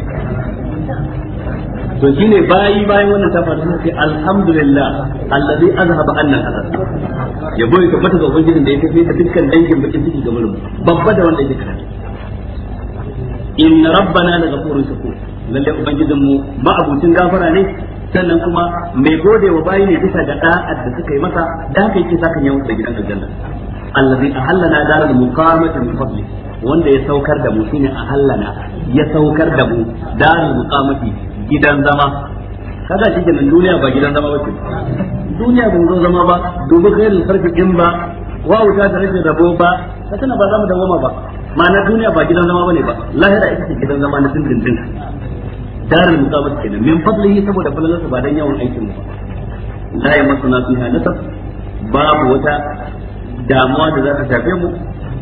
to shine bayi bayan wannan ta faru sai alhamdulillah allazi azhaba anna hadar yabo ya tabbata ga ubangijin da ya tafi da dukkan dangin bakin ciki ga mulmu babba da wanda yake karatu in rabbana la ghafurun shakur lalle ubangijin mu ma'abucin gafara ne sannan kuma mai gode wa bayi ne bisa ga da'ar da suka yi masa da haka yake saka yawan da gidan aljanna allazi ahallana daral muqamati min fadli wanda ya saukar da mu shine ahallana ya saukar da mu daral muqamati gidan zama kaga shi kenan duniya ba gidan zama ba duniya ba gidan zama ba dubu khairul farfi in ba wa wuta da rage rabo ba kana ba za mu dawoma ba ma'ana duniya ba gidan zama bane ba lahira ita ce gidan zama na dindindin darul ke kenan min fadlihi saboda fadlansa ba dan yawan aikin mu ba la yamassuna fiha nasab babu wata damuwa da za ta shafe mu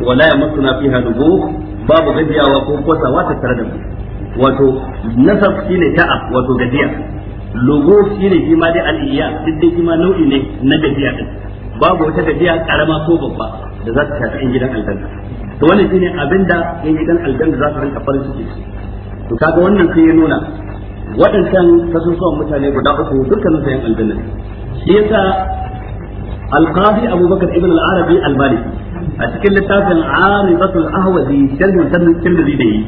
wala yamassuna fiha lugub babu gajiyawa ko kosawa ta tare da mu wato nasab ne ta'a wato gajiya shi ne shi ma dai al duk dai shi ma nau'i ne na gajiya din babu wata gajiya karama ko babba da za ta shafi in gidan aljanna to wannan shine abinda yan gidan aljanna za su rinka farin ciki to kaga wannan sai ya nuna waɗancan kasusuwan mutane guda uku dukkanin sayan aljanna shi yasa alqadi abubakar ibn al-arabi al-maliki a cikin littafin aridatul ahwazi sharhin tirmidhi da yi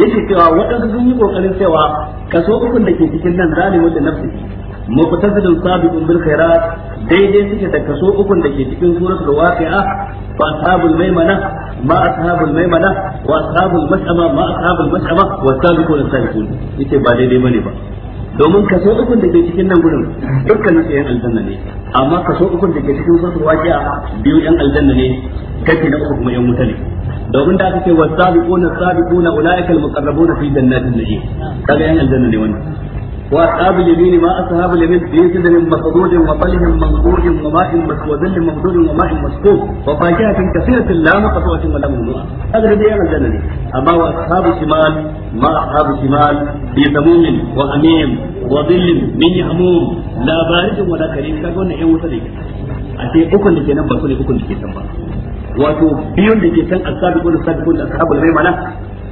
yace cewa waɗanda sun yi kokarin cewa kaso ukun da ke cikin nan zalimin da nafsi muqtasidun sabiqun bil khairat daidai suke da kaso ukun da ke cikin suratul waqi'a fa ashabul maimana ma ashabul maimana wa ashabul mas'ama ma ashabul mas'ama wa sabiqun sabiqun yace ba daidai bane ba domin kaso ukun cikin nan gurin dukkanin su yan aljanna ne amma kaso ukun da ke cikin suratul biyu yan aljanna ne kashi na uku kuma yan wuta ne domin da aka ce wasabiquna sabiquna ulaika almuqarrabuna fi yan ne واصحاب اليمين ما اصحاب اليمين في سدر مخضود وطلح منضود وماء وذل ممدود وماء مسكوب وفاكهه كثيره لا مقطوعه ولا ممنوعه هذا الذي يعمل الجنه اما واصحاب الشمال ما اصحاب الشمال في سموم وحميم وظل من يحموم لا بارد ولا كريم كون ان وصلك ake ukun da ke nan ba su ne ukun da ke can ba wato biyun da ke can asabi ko da sabi ko da ashabul maimana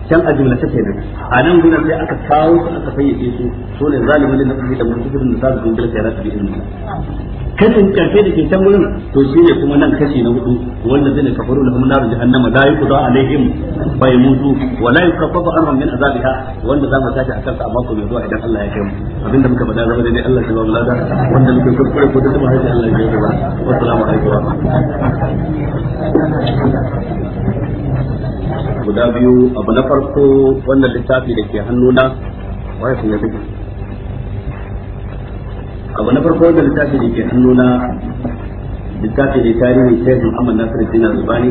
can a jumlace kenan a nan gudan sai aka kawo su aka fayyace su so ne zalimin da nafsi da mutum da sa su bil khairat bi ilmi kashin karfe da ke can gurin to shine kuma nan kashi na hudu wanda zai kafaru lahum nar jahannama la yuqda alaihim fa yamutu wa la yukaffafu anhum min azabiha wanda zamu tashi a kansa amma ko mai zuwa idan Allah ya kai mu abinda muka bada zama ne Allah ya ba mu lada wanda muke kuskure ko da mu haifi Allah ya kai mu assalamu alaikum guda biyu abu na farko wannan littafi da ke hannuna wai sun yabi abu na farko wannan littafi da ke hannuna littafi da tarihin Sheikh Muhammad Nasir jina Zubani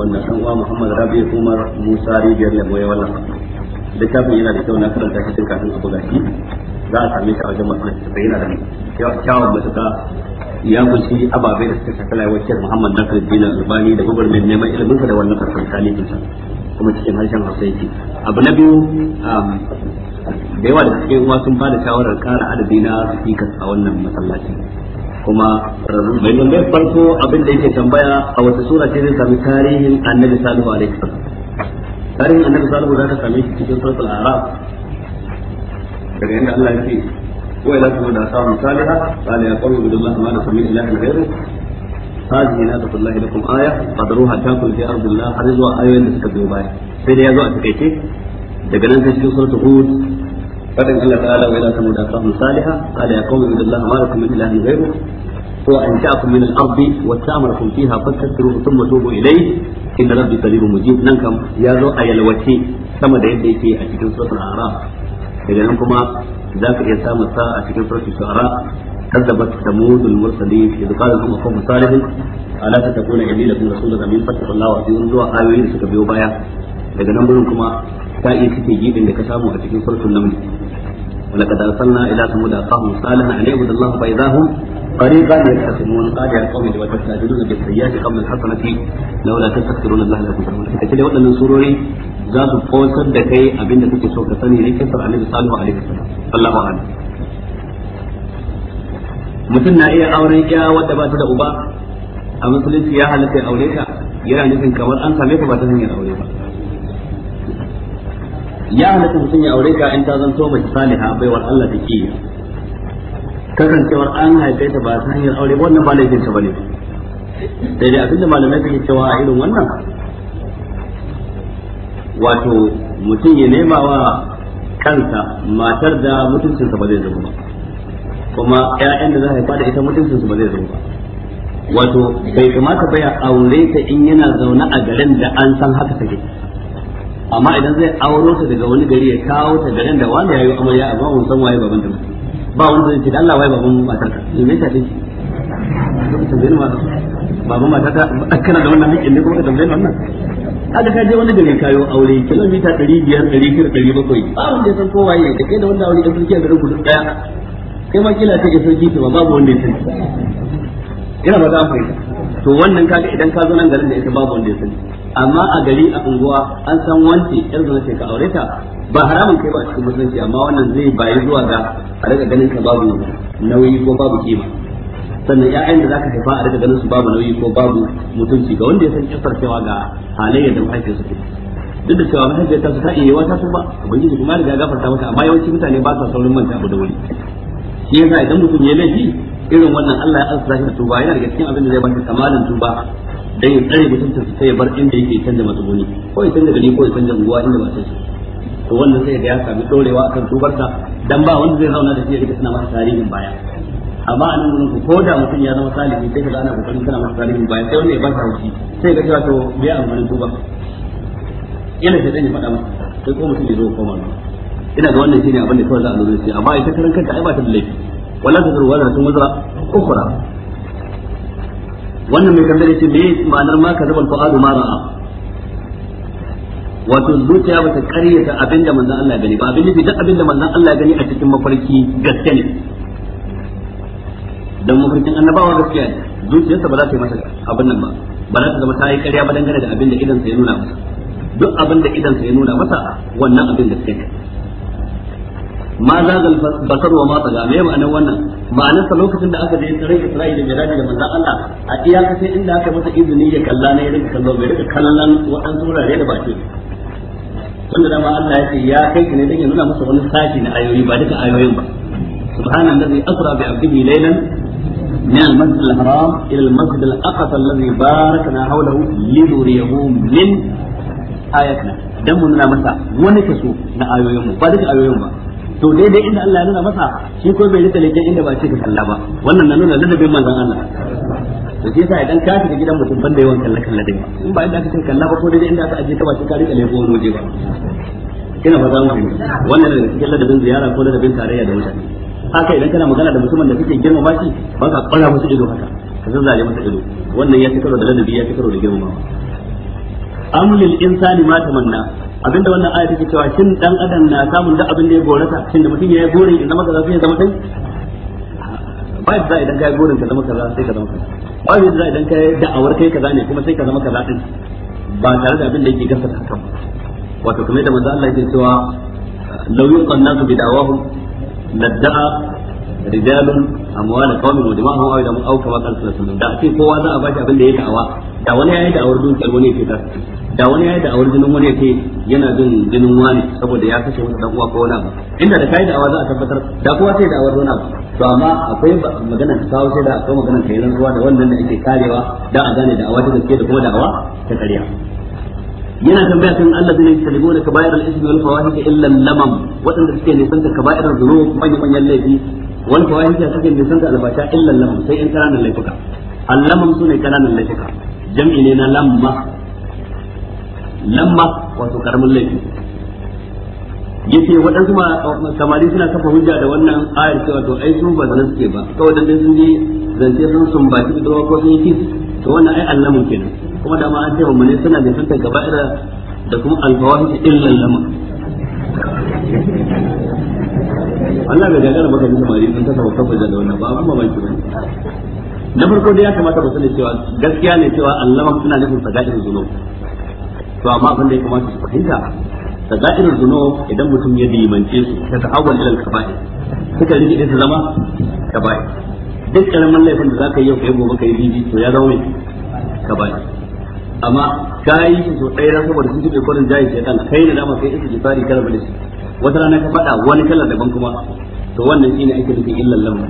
wannan san uwa Muhammad Rabi Umar Musa Rijiyar Lemo ya wallafa littafin yana da kyau na karanta shi tun kafin a buga shi za a same shi a wajen masu yana da kyawun matuƙa ya kunshi ababai da suka shafi rayuwar Muhammad Nasir Dina Albani da mai neman ilimin da wannan farkon talibin sa kuma cikin harshen Hausa yake abu na biyu um, da yawa da cikin uwa sun bada shawarar kara adadi na speakers a wannan masallaci kuma mai nuna farko abin da yake tambaya a wata sura ce zai sami tarihin Annabi Salihu alaihi salam tarihin Annabi Salihu za ka same shi cikin suratul A'raf daga yadda Allah ya ce وإلى ثمود أخاهم صالحا قال يا قوم اعبدوا الله ما لكم من إله غيره هذه ناقة الله لكم آية قدروها تاكل في أرض الله حرزوا آية لتكذبوا بها سيدي يا زوء تكيتي دقنا في سورة هود فإن الله تعالى وإلى ثمود أخاهم صالحا قال يا قوم اعبدوا الله ما لكم من إله غيره هو أنشأكم من الأرض واستعمركم فيها فاستكثروا ثم توبوا إليه إن ربي قريب مجيب ننكم يا ذو أي الوتي كما da yadda yake a cikin suratul a'raf daga nan kuma ذاك إيه سام الساعة في سورة الشعراء كذبت ثمود المرسلين إذ قال لهم أخوهم صالح ألا تتكون إني لكم رسول أمين فاتقوا الله وأطيعون زوا آيوين suka biyo baya daga nan gurin kuma ta iya kike gibin da ka samu a ولقد أرسلنا إلى ثمود أخاهم صالحا أن يعبد الله فإذا هم طريقا يتخذون قال يا قوم لم تستعجلون بالسيئات قبل الحسنة لولا تستغفرون الله لكم ترحمون. كتير وقت من سروري za su kosar da kai abin da kake so ka sani ne kisar annabi salihu alaihi salam Allahu mutum na iya auren ya wadda ba ta da uba a musulunci ya halatta ya aure ta yana nufin kamar an same ta ba ta hanyar aure ba ya halatta mutum ya aure ka in ta zanto mace saliha baiwar Allah ta ke kasancewar an haife ta ba ta hanyar aure wannan ba laifin ta bane sai dai abinda malamai suke cewa a irin wannan wato mutum ya nema wa kansa matar da mutuncinsa ba zai zama ba kuma ƴaƴan da za a haifa da ita mutuncinsa ba zai zama ba wato bai kamata ba ya aure ta in yana zaune a garin da an san haka take amma idan zai auro ta daga wani gari ya kawo ta garin da wani yayi amarya amma mun san waye baban da mutum ba wani zai ce Allah waye baban matar ka me yasa dai baban matar ta kana da wannan hakkin ne kuma ka tambaye wannan kaga ka je wani gari kayo aure kilomita 500 600 700 bakwai babu da san kowa ya da kai da wanda aure da sarki a garin ku daya kai ma kila take sarki ba babu wanda ya sani ina ba za mu to wannan kaga idan ka zo nan garin da ita babu wanda ya sani amma a gari a unguwa an san wance yar zana ce ka aure ta ba haramun kai ba a cikin musulunci amma wannan zai bayi zuwa ga a daga ganin ka babu nauyi ko babu kima sannan 'ya'yan da zaka haifa a daga ganin su babu nauyi ko babu mutunci ga wanda ya san kisar cewa ga halayyar da su ke. duk da cewa ta su ta iya wa ta tuba ubangiji kuma gafar ta mata amma yawanci mutane ba sa saurin manta abu da wuri shi yasa idan mutum ya laifi irin wannan Allah ya ansa shi tuba yana daga cikin abin da zai ba shi kamalin tuba dan ya tsare su sai ya bar inda yake canza matsuguni ko ya canza gani ko ya canza unguwa inda ba sai to wannan sai da ya sami dorewa akan tubarsa dan ba wanda zai zauna da shi ya rike suna masa tarihin baya amma a nan gurin ku ko da mutum ya zama salihi sai ka kaga ana kokarin kana masa salihin bayan sai wanda ya ba shi haushi sai ka cewa to me ya ko ba yana sai dan ya faɗa masa sai ko mutum ya zo koma ina ga wannan shine abin da kawai za a lura shi amma ita karan kanta ai ba ta da laifi wala ta zuru wala tun wazra ukhra wannan mai tambaye ce me ma'anar ma ka zaban fa'adu ma ra'a wato zuciya bata karyata abinda manzon Allah ya gani ba abin da duk abinda manzon Allah ya gani a cikin mafarki gaskiya ne dan mafarkin annabawa gaskiya ne zuciyarsa ba za ta yi masa abin nan ba ba za ta zama ta yi ƙarya ba dangane da abin da idan ya nuna masa duk abin da idan ya nuna masa wannan abin da suke ma ga basar wa ma tsaga me ma'anar wannan ma'anar sa lokacin da aka je tsirai Isra'ila da Miraji da manzon Allah a iyaka sai inda aka masa izini ya kalla ne ya kallo bai rika kallon waɗansu wurare da ba wanda dama Allah ya ce ya kai ka ne dan ya nuna masa wani sashi na ayoyi ba duka ayoyin ba subhanallazi asra bi abdihi laylan من المسجد الحرام إلى المسجد الأقصى الذي باركنا حوله لنريه من آياتنا dan mu nuna masa wani kaso na ayoyinmu ba duka ayoyin dai dai inda Allah ya nuna masa shi ko bai rika leken inda ba shi ka kalla ba wannan na nuna ladabin manzon Allah to shi yasa idan ka shiga gidan mutum banda yawan kalla kalla dai in ba inda aka ce kalla ba ko dai inda aka aje ka ba shi ka rika leko wani waje ba Kina ba za mu wannan ne cikin ladabin ziyara ko ladabin tarayya da mutane haka idan kana magana da mutumin da suke girma shi ba ka kwara musu ido haka ka zan zale masa ido wannan ya karo da ladabi ya karo da girma. amlil insani ma tamanna abinda wannan aya take cewa shin dan adam na samun da abin da ya gorata shin da mutum ya gore idan zama kaza zama dai ba yadda idan kai gorin ka zama kaza sai ka zama kaza ba yadda idan kai da'awar kai kaza ne kuma sai ka zama kaza din ba tare da abin da yake gaskata hakan wato kuma da manzo Allah yake cewa law yuqannasu bi da'awahum ladda'a rijalun amwal qawmin wa dima'ahum aw idamu aw kama kan sallallahu da sai kowa za a bashi abin da ya da'awa da wani yayi da'awar dukiyar wani yake ta da wani yayi da'awar jinin wani yake yana jin jinin wani saboda ya kashe wani dan uwa ko wani abu inda da kai da'awa za a tabbatar da kowa sai da awar abu to amma akwai magana ta kawo da akwai maganar kai ran ruwa da wannan da ake karewa da a gane da'awa ta gaske da kuma awa ta ƙarya yana tambaya kan Allah zai yajtanibu na kaba'ir al-ismi wal fawahish illa lamam wadanda suke ne san santa kaba'ir dhunub manyan manyan laifi wal fawahish suke ne santa albasha illa lamam sai in kananan laifuka al-lamam sune kananan laifuka jam'i ne na lamma lamma wato karamin laifi yace waɗansu ma samari suna kafa hujja da wannan ayar cewa to ai su ba zanen suke ba kawai dan sun je zance sun sumbaci da ko sun yi to wannan ai allamun kenan kuma da ma an ce mu ne suna da sun gaba'ira da kuma alfawahi illa lama Allah bai gagara maka ji samari sun kasa wata fajar da wannan ba ban mamaki ba na farko dai ya kamata ba sani cewa gaskiya ne cewa Allah suna nufin sagairin zunub to amma abin da ya kamata su fahimta sagairin zunub idan mutum ya dimance su ta ta'awwal ila al-kaba'ir suka rike da zama kaba'ir duk karamin laifin da zaka yi yau kai gobe kai bibi to ya zama kaba'ir amma ka yi shi so ɗaya saboda sun jibe kwarin jayi kan kai da dama kai isa jifari kala bane shi wata rana ka faɗa wani kalar daban kuma to wannan shine ake nufi illan lamar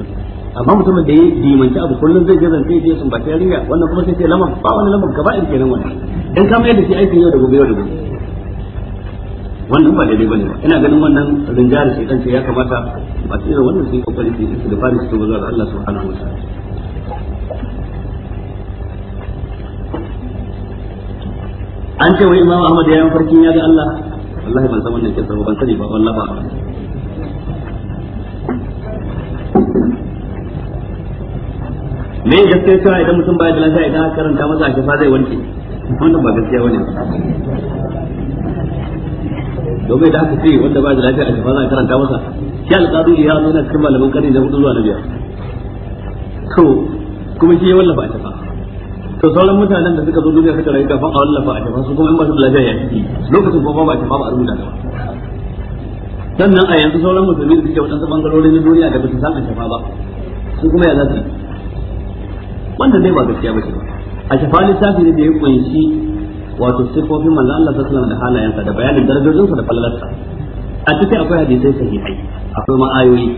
amma mutumin da ya dimanci abu kullum zai gazan sai je sun ba yarinya wannan kuma sai ce lamar ba wani lamar ka ba'in kenan wannan in ka mayar da shi aikin yau da gobe yau da gobe wannan ba daidai bane ba ina ganin wannan rinjayar shaitan ce ya kamata ba su wannan sai kokari su da fari su zuwa ga Allah subhanahu wa ta'ala an ce wa imamu ahmad ya yi mafarkin ya ga Allah wallahi ban san wannan kisa ba ban sani ba wallahi ba me gaskiya cewa idan mutum baya da lafiya idan aka karanta masa a kifa zai wanke wannan ba gaskiya bane domin da aka ce wanda ba da lafiya ake fara za karanta masa shi alƙadu ya nuna cikin malamin karni da hudu zuwa na biyar to kuma shi ya wallafa a kifa to sauran mutanen da suka zo duniya suka rayu kafin a wallafa a jama'a su kuma in ba su da lafiya ya ciki lokacin kuma ba a tafa ba a rubuta ba sannan a yanzu sauran musulmi da suke waɗansu bangarorin na duniya da ba su samu shafa ba su kuma ya za su wannan dai ba gaskiya ba ce a tafa lissafi ne da ya kunshi wato sifofin manzon Allah sallallahu alaihi wasallam da halayensa da bayanin darajojinsa da fallalarsa a cikin akwai hadisai sahihai akwai ma'ayoyi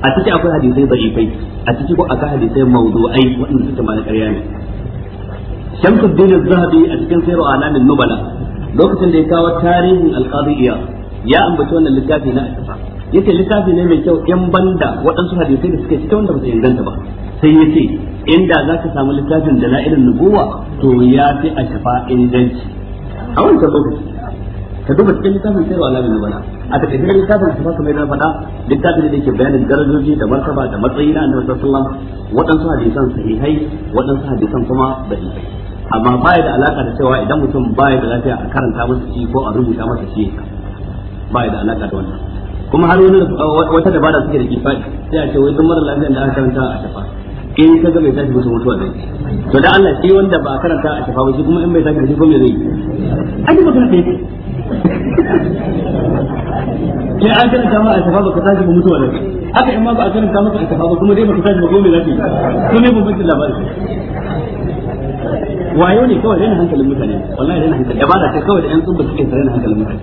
a cikin akwai hadisai da'ifai a cikin ko akwai hadisai mawdu'ai waɗanda suke ma na ƙarya ne Shamsuddin Az-Zahabi a cikin Sayru Alamin Nubala lokacin da ya kawo tarihin al-Qadiyya ya ambaci wannan littafi na Ashafa yace littafi ne mai kyau in banda waɗansu hadisai da suke wanda ba su inganta ba sai yace inda zaka samu littafin da la'irin nubuwa to ya fi Ashafa inganci a wancan lokaci ka duba cikin littafin sayarwa alamin na bana a takaitar littafin su fasa mai na faɗa littafin da ke bayanin darajoji da martaba da matsayi na annabi waɗansu hadisan sahihai waɗansu kuma amma baya da alaka da cewa idan mutum baya da lafiya a karanta masa shi ko a rubuta masa shi baya da alaka da wannan kuma har wani wata dabara suke da kifaji sai a ce wai duk mara lafiyar da aka karanta a tafa. in ka ga bai tashi musu mutuwa zai to da Allah shi wanda ba a karanta a tafa ba shi kuma in bai tashi shi ko me zai yi ai ba kana tafi ke an karanta ma a tafa ba ka tashi ba mutuwa zai haka in ma ba a karanta maka a tafa ba kuma dai ba ka tashi ba ko me zai yi to ne bambancin labarin wayo ne kawai hankalin mutane wallahi hankali kawai da yan suke hankalin mutane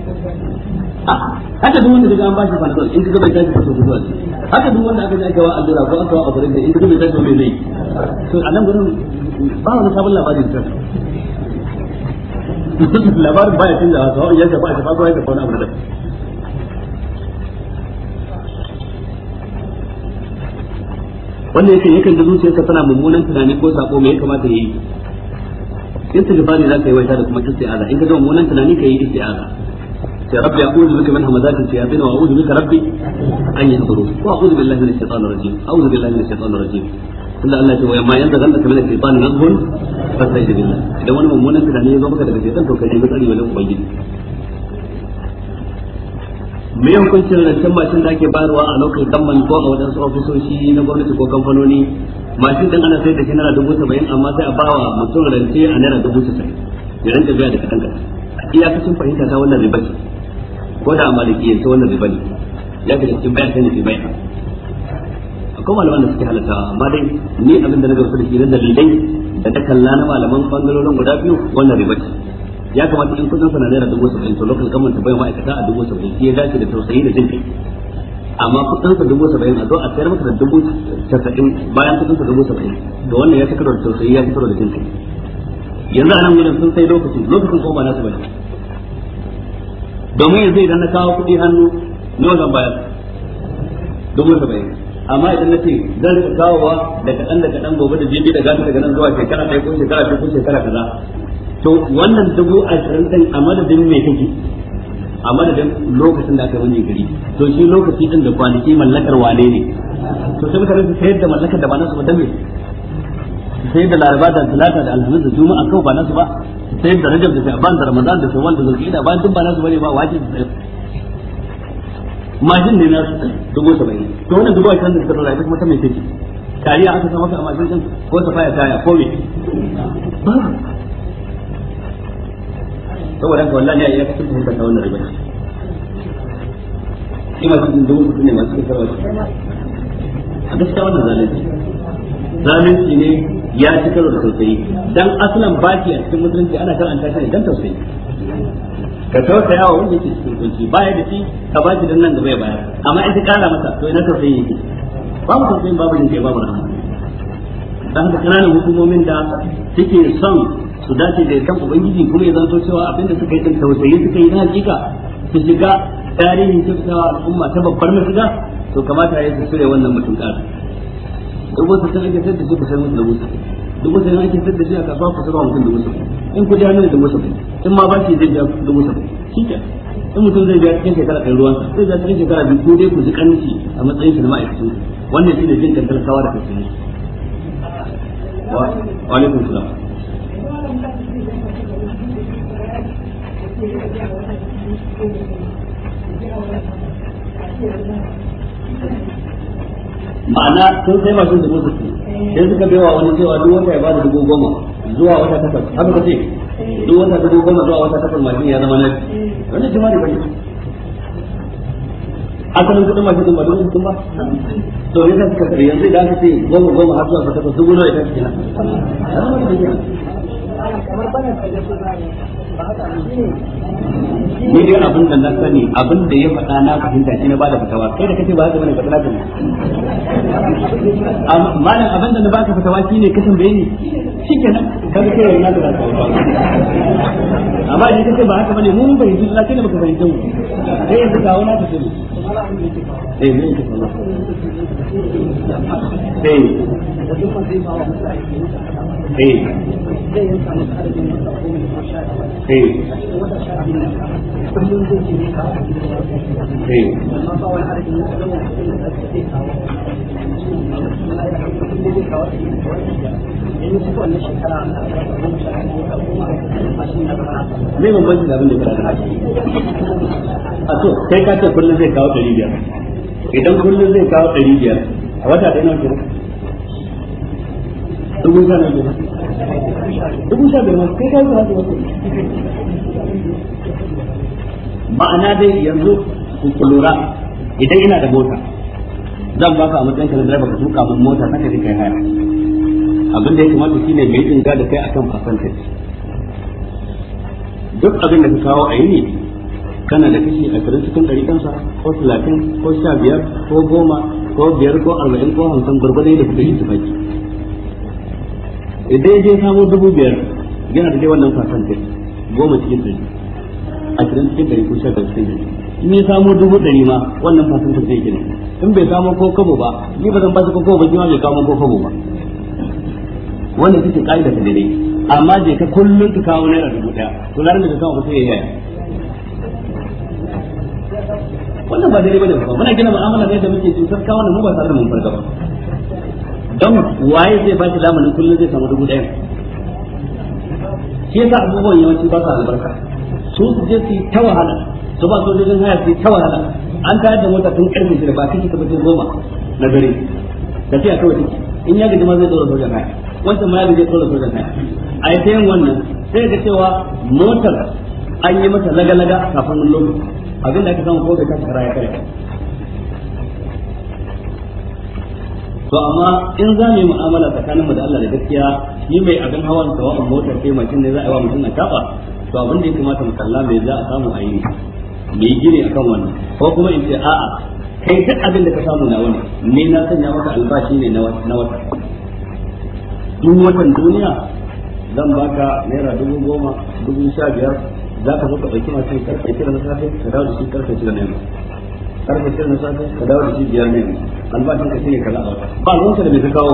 ah, haka duk wanda an bashi in kaga bai tashi zuwa haka duk wanda aka wa allura ko aka wa da in kaga bai tashi zai to a nan ba wani sabon labarin labarin baya cin da wasu a shafa ko wani abu da wanda yake yakan da zuciyarsa tana mummunan tunani ko sako mai ya kamata ya yi istighfari zaka yi waita da kuma isti'aza in ka ga mummunan tunani ka yi isti'aza sai rabbi a'udhu bika min hamazati shayatin wa a'udhu bika rabbi an yahdurun wa a'udhu billahi minash shaitanir rajim a'udhu billahi minash shaitanir rajim tunda Allah ce wa yamma yanzu zan ka mina shaitan nazhun fasta'iz billah idan wani mummunan tunani ya zo maka daga shaitan to ka nemi tsari wajen ubangiji me hukuncin rancen bashin da ake bayarwa a lokacin gamman ko a wajen ofisoshi na gwamnati ko kamfanoni mashin din ana sai da shi naira dubu saba'in amma sai a bawa mutum rance a naira dubu saba'in ya rinka biya da kaɗan kaɗan iyakacin fahimta ta wannan riba ce ko da malikiyar ta wannan riba ne ya ga cikin bayan sai ne ke bayan akwai malaman da suke halatta amma dai ni abin da na gamsu da shi da dalilai da ta kalla na malaman bangarorin guda biyu wannan riba ce ya kamata in kudin sana naira dubu saba'in to lokacin kamar ta bayan ma'aikata a dubu saba'in ya dace da tausayi da jin amma kudin sa dubu saba'in a zo a sayar masa da dubu casa'in bayan kudin sa dubu saba'in da wannan ya fitar da tausayi ya fitar da jin yanzu a nan wurin sun sai lokaci lokacin ko ba nasu bane domin yanzu idan na kawo kudi hannu nawa zan bayar dubu saba'in amma idan na ce zan rika kawowa da kaɗan da kaɗan gobe da jibi da gata daga nan zuwa shekara ɗaya ko shekara ɗaya ko shekara kaza to wannan dubu ashirin ɗin a madadin mai kake a madadin lokacin da aka wani gari to shi lokaci din da kwanaki mallakar wane ne to sai mutane su sayar da mallakar da ba nasu ba dame sayar da laraba da talata da alhamis da juma'a kawai ba nasu ba sayar da rajab da sha'ban da ramadan da shawwal da zulqa'ida ba duk ba nasu bane ba wajibi mashin ne nasu dubu saba'in to wannan dubu ashirin da suka dora ita kuma ta mai take tariya aka san masa a majin ko safaya kaya ko me ba saboda haka wallahi ya kace mun ta wannan riba ina cikin dubu mutum ne masu kasarwa a gaskiya wannan zalunci zalunci ne ya ci karo da tausayi dan asalan baki a cikin musulunci ana karanta shi ne dan tausayi ka tausa wa wanda yake cikin kunci baya da shi ka ba shi dan nan da bai bayar amma in ka kara masa to ina tausayi yake babu tausayin babu ne kai babu rahama dan haka kananan hukumomin da suke son su dace da yakan ubangiji kuma ya zanto cewa abinda suka yi din tausayi suka yi na hakika su shiga tarihin kyautatawa al'umma ta babbar mashiga to kamata ya su shirya wannan mutum ƙara duk su sun ake sayar da shi mutum da musu duk su sun ake sayar da shi a kasuwa ku sayar mutum da musu in ku jami'a da musu in ma ba shi zai biya da musu shi ke in mutum zai biya cikin shekara ɗan ruwan zai biya cikin shekara biyu ko dai ku ji ƙarni a matsayin shi na ma'aikacin wannan shi ne jin kan talakawa da kasuwanci wa alaikum salam ma'ana sun sai masu dubu suke sai suka baiwa wani cewa duk wata ya ba da dubu goma zuwa wata takwas haka kace duk wata dubu goma zuwa wata takwas mashin ya zama nafi wani jima ne bane asalin kudin mashin din ba dubu sun ba to ne suka kare yanzu idan ka goma goma har zuwa takwas dubu nawa ya tafi kenan ni dai abin da na sani abin da ya faɗa na fahimta shi na ba da fitawa kai da kace ba haka bane faɗa amma malam abin da na baka fitawa shine ka tambaye ni shikenan kaga kai wannan da amma idan kace ba haka bane mun bai da kai da baka fahimta mu kai yanzu ka wani ka sani eh mun ka sani eh eh mai sha ne ne ne da abin da kira da haji a to kai ka ce kullum zai kawo ɗari biyar idan kullum zai kawo ɗari biyar a wata ɗaya nawa dubu sha biyar dubu sha kai ka zuwa wasu ma'ana dai yanzu ku lura idan ina da mota zan ka a matsayin kana ba ka tuka mun mota saka kai kai haya abin da ya kamata ne mai inga da kai akan percentage duk abin da ka kawo a ne kana da kashi karin cikin ɗari kansa ko talatin ko sha biyar ko goma ko biyar ko arba'in ko hamsin gwargwadon da kuka yi su baki idan je samo dubu biyar yana da dai wannan fasan ɗin goma cikin ɗari ashirin cikin ɗari ko sha cikin ɗari in ya samo dubu ɗari ma wannan fasan ɗin zai gina in bai samo ko kabo ba ni ba zan ba shi ko kabo ba shi ma bai kawo ko kabo ba wanda suke ce ka'ida ta dare amma je ka kullum ka kawo naira dubu ɗaya to larin da ka kawo ba sai ya yaya wannan ba daidai bane ba muna gina ma'amala ne da muke cikin cutar kawo mu ba tare da mun farga ba don waye zai ba shi zamanin kullum zai samu dubu ɗaya shi yasa abubuwan yawanci ba sa albarka su su je su yi ta wahala su ba su jirgin haya su yi ta wahala an tayar da mota tun karfe shida ba kake tabbacin goma na dare tafiya kawai take in ya gaji ma zai tsora sojan haya wancan ma ya gaji tsora sojan haya a yi ta yin wannan sai ga cewa motar an yi mata laga-laga kafin lokaci abinda ake samun samu ko bai tashi kara ya kare to amma in za mu yi mu'amala tsakanin mu da Allah da gaskiya ni mai abin hawan tawaban motar sai mashin ne za a yi wa mutum na kafa to abin da ya kamata mu kalla mai za a samu a yi me gine akan wannan ko kuma in ce a'a kai duk abin da ka samu na wani Ni na sanya maka albashi ne na wata duk watan duniya zan baka naira dubu goma dubu sha biyar za ka zo ka ɗauki masu karfe shida na safe ka dawo da shi karfe shida na yamma karfe shida na safe ka dawo da shi biyar na yamma albashin ka shine kaza ba ruwan ka da me ka kawo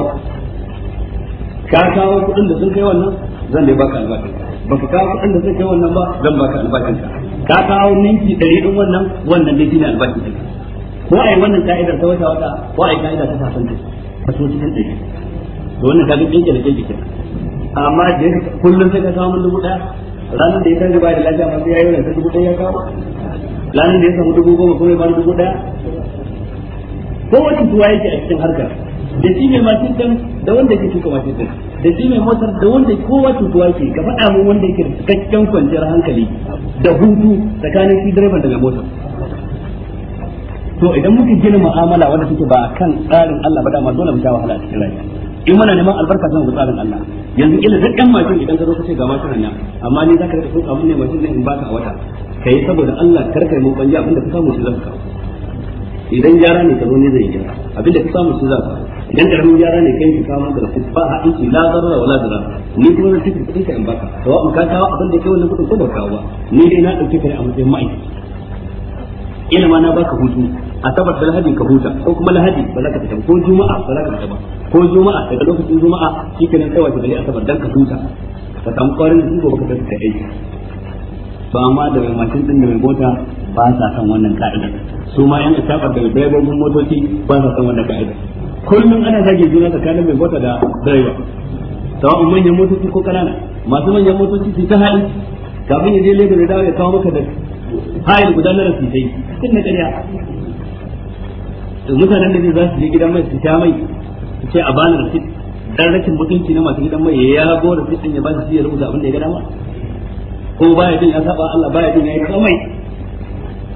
ka kawo kuɗin da sun kai wannan zan dai baka albashin ka kawo kuɗin da sun kai wannan ba zan baka albashin ka ka kawo ninki ɗari ɗin wannan wannan dai shine albashin ka ko ai wannan ka'idar ta wata wata ko ai ka'idar ta fasan ta ta kaso cikin ɗari to wannan ka ga kinke da kinke amma da kullum sai ka kawo mun dubu daya. ranar da ya san ba da lafiya masu yayi wannan dubu daya ya kawo ranar da ya samu dubu goma kuma ya bani dubu daya. ko wani tuwa yake a cikin harkar da shi mai mashin da wanda yake tuka mashin din da shi mai motar da wanda wata tutuwa yake ka faɗa mu wanda yake da cikakken kwanciyar hankali da hutu tsakanin shi direban da mai motar to idan muka gina mu'amala wanda take ba kan tsarin Allah ba dama dole mu sha wahala a cikin rayuwa in muna neman albarka zan ga tsarin Allah yanzu ila duk ɗan mashin idan ka zo ka ce ga mashin nan amma ni zaka rika so ka mun ne mashin ne in ba ka wata kai saboda Allah karkai mun banja abinda ka samu shi zaka kawo idan gyara ne ka zo ne zai gyara abin da ka samu shi za ka idan karamin gyara ne kai ka samu da da ba haɗin ki la zarra wala zara ni kuma na cikin kuɗin ka in baka in ka kawo abin da kai wannan kudin ko ba kawo ba ni dai na ɗauke ka ne a matsayin Ina ma na baka hutu a tabbata lahadi ka huta ko kuma lahadi ba za ka fita ko juma'a ba za ka fita ba ko juma'a daga lokacin juma'a shikenan kai wace a asabar dan ka huta ka samu kwarin da ba ka tafi aiki to amma da mai mashin din da mai mota ba sa san wannan ka'ida su ma yan asabar da direbobin motoci ba sa san wannan ka'ida kullum ana zage juna tsakanin mai mota da direba sawa'un manyan motoci ko kanana masu manyan motoci su ta hali kafin ya je Lagos ya dawo ya kawo maka da hayar gudanar da sisai cikin na ƙarya mutanen da zai za su je gidan mai su sha mai su ce a bani rasit dan rakin mutunci na masu gidan mai ya yago su ɗin ya ba su ya rubuta abin da ya ga dama ko baya jin ya saba Allah baya jin yayi komai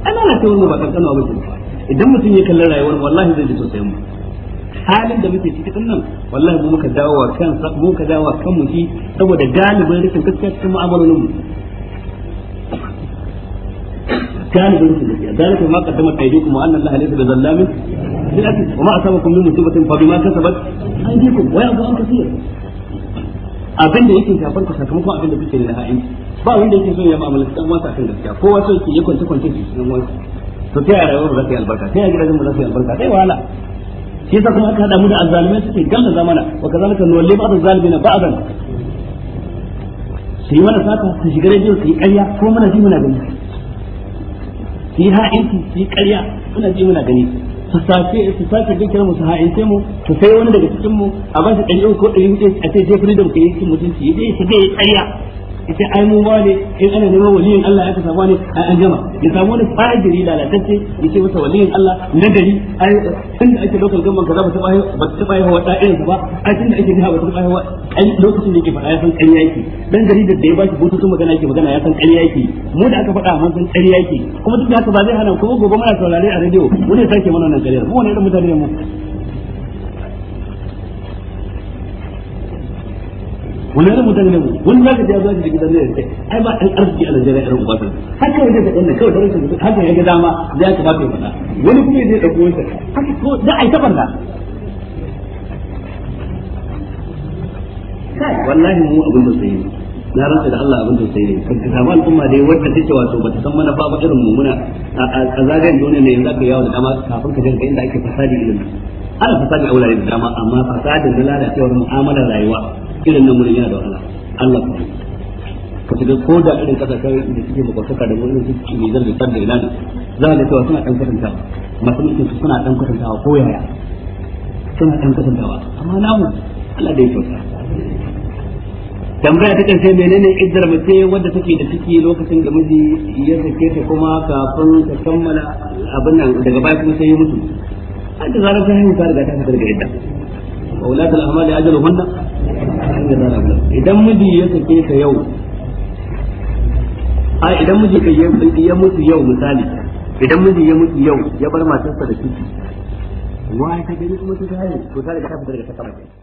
ana na tawo ba kankan ba mutum idan mutum ya kallon rayuwar wallahi zai ji tausayin mu halin da muke ciki din nan wallahi mu muka dawo wa kansa mu ka dawo wa kanmu shi saboda galibin rikin gaskiya cikin mu'amalolin mu galibin rikin gaskiya zalika ma qaddamat aydikum wa anna Allah laysa bi zallamin bil asif wa ma asabakum min musibatin fa bima kasabat aydikum wa ya'fu sakamakon ba wanda yake so ya mu'amalanci dan wasa kan gaskiya kowa so yake ya kwance kwanta shi dan wasa to ta yaya rayuwar za ta yi albarka ta yaya gidajen mu za su yi albarka sai wahala shi yasa kuma aka hada mu da azzalimai suke galla zamana wa kazalika nuwalli ba'd azzalimina ba'dan su yi mana sata su shiga rediyo su yi ƙarya ko mana ji muna gani su yi ha'inci su yi ƙarya muna ji muna gani su sace su sace dukkan mu su ha'ince mu su sai wani daga cikin mu a ba shi ɗari ko ɗari hudu a ce je freedom ka yi cikin mutunci ya je shiga ya ƙarya ita ai mu ba ne in ana neman waliyin Allah ya samu ne ai an jama ya samu wani fajiri lalatacce yace masa waliyin Allah na gari ai tunda ake lokal gamban za ba ta bai ba ta bai wa da irin ba ai tunda ake jiha ba ta bai wa ai lokacin da yake faɗa ya san ƙarya yake dan gari da ba shi bututun magana yake magana ya san ƙarya yake mu da aka faɗa man san ƙarya yake kuma duk da haka ba zai hana kuma gobe muna saurare a radio ne sake mana wannan ƙarya mu ne da mutane mu wani irin mutane ne wani zaka ji ya zo da ne sai ai ba an arziki a Najeriya irin ubasan haka yake da wannan kawai darasin haka yake ga dama ya yake ba ka fada wani kuma zai dauko wani haka ko da ai ta da kai wallahi mu abin da sai na rantsa da Allah abin da sai ne kan ka samu al'umma dai wanda take wato bata san mana ba irin mu muna a zagayen dole ne yanzu aka yawo da dama kafin ka jinka inda ake fasadi ilimi ana fasadi a wurare da dama amma fasadin da lalacewar mu'amalar rayuwa irin nan wurin yana da wahala Allah ku ka shiga ko da irin kasashen da suke makwataka da wurin su ke zar da sanda ina za a ga cewa suna dan kwatantawa masu mulkin su suna dan kwatantawa ko yaya suna dan kwatantawa amma namu Allah da ya kyauta tambaya ta karshe menene iddar mace wadda take da ciki lokacin da miji ya sake ta kuma kafin ta kammala abin nan daga baya kuma sai ya mutu an da zarar sai haihu ta riga ta fitar da idda wa ulatul ahmali ajaluhunna idan miji ya sake ka yau a idan miji ya mutu yau misali idan miji ya mutu yau ya bar matarsa da ciki wa ta gani kuma ta gani to ta riga ta fitar da ta kamar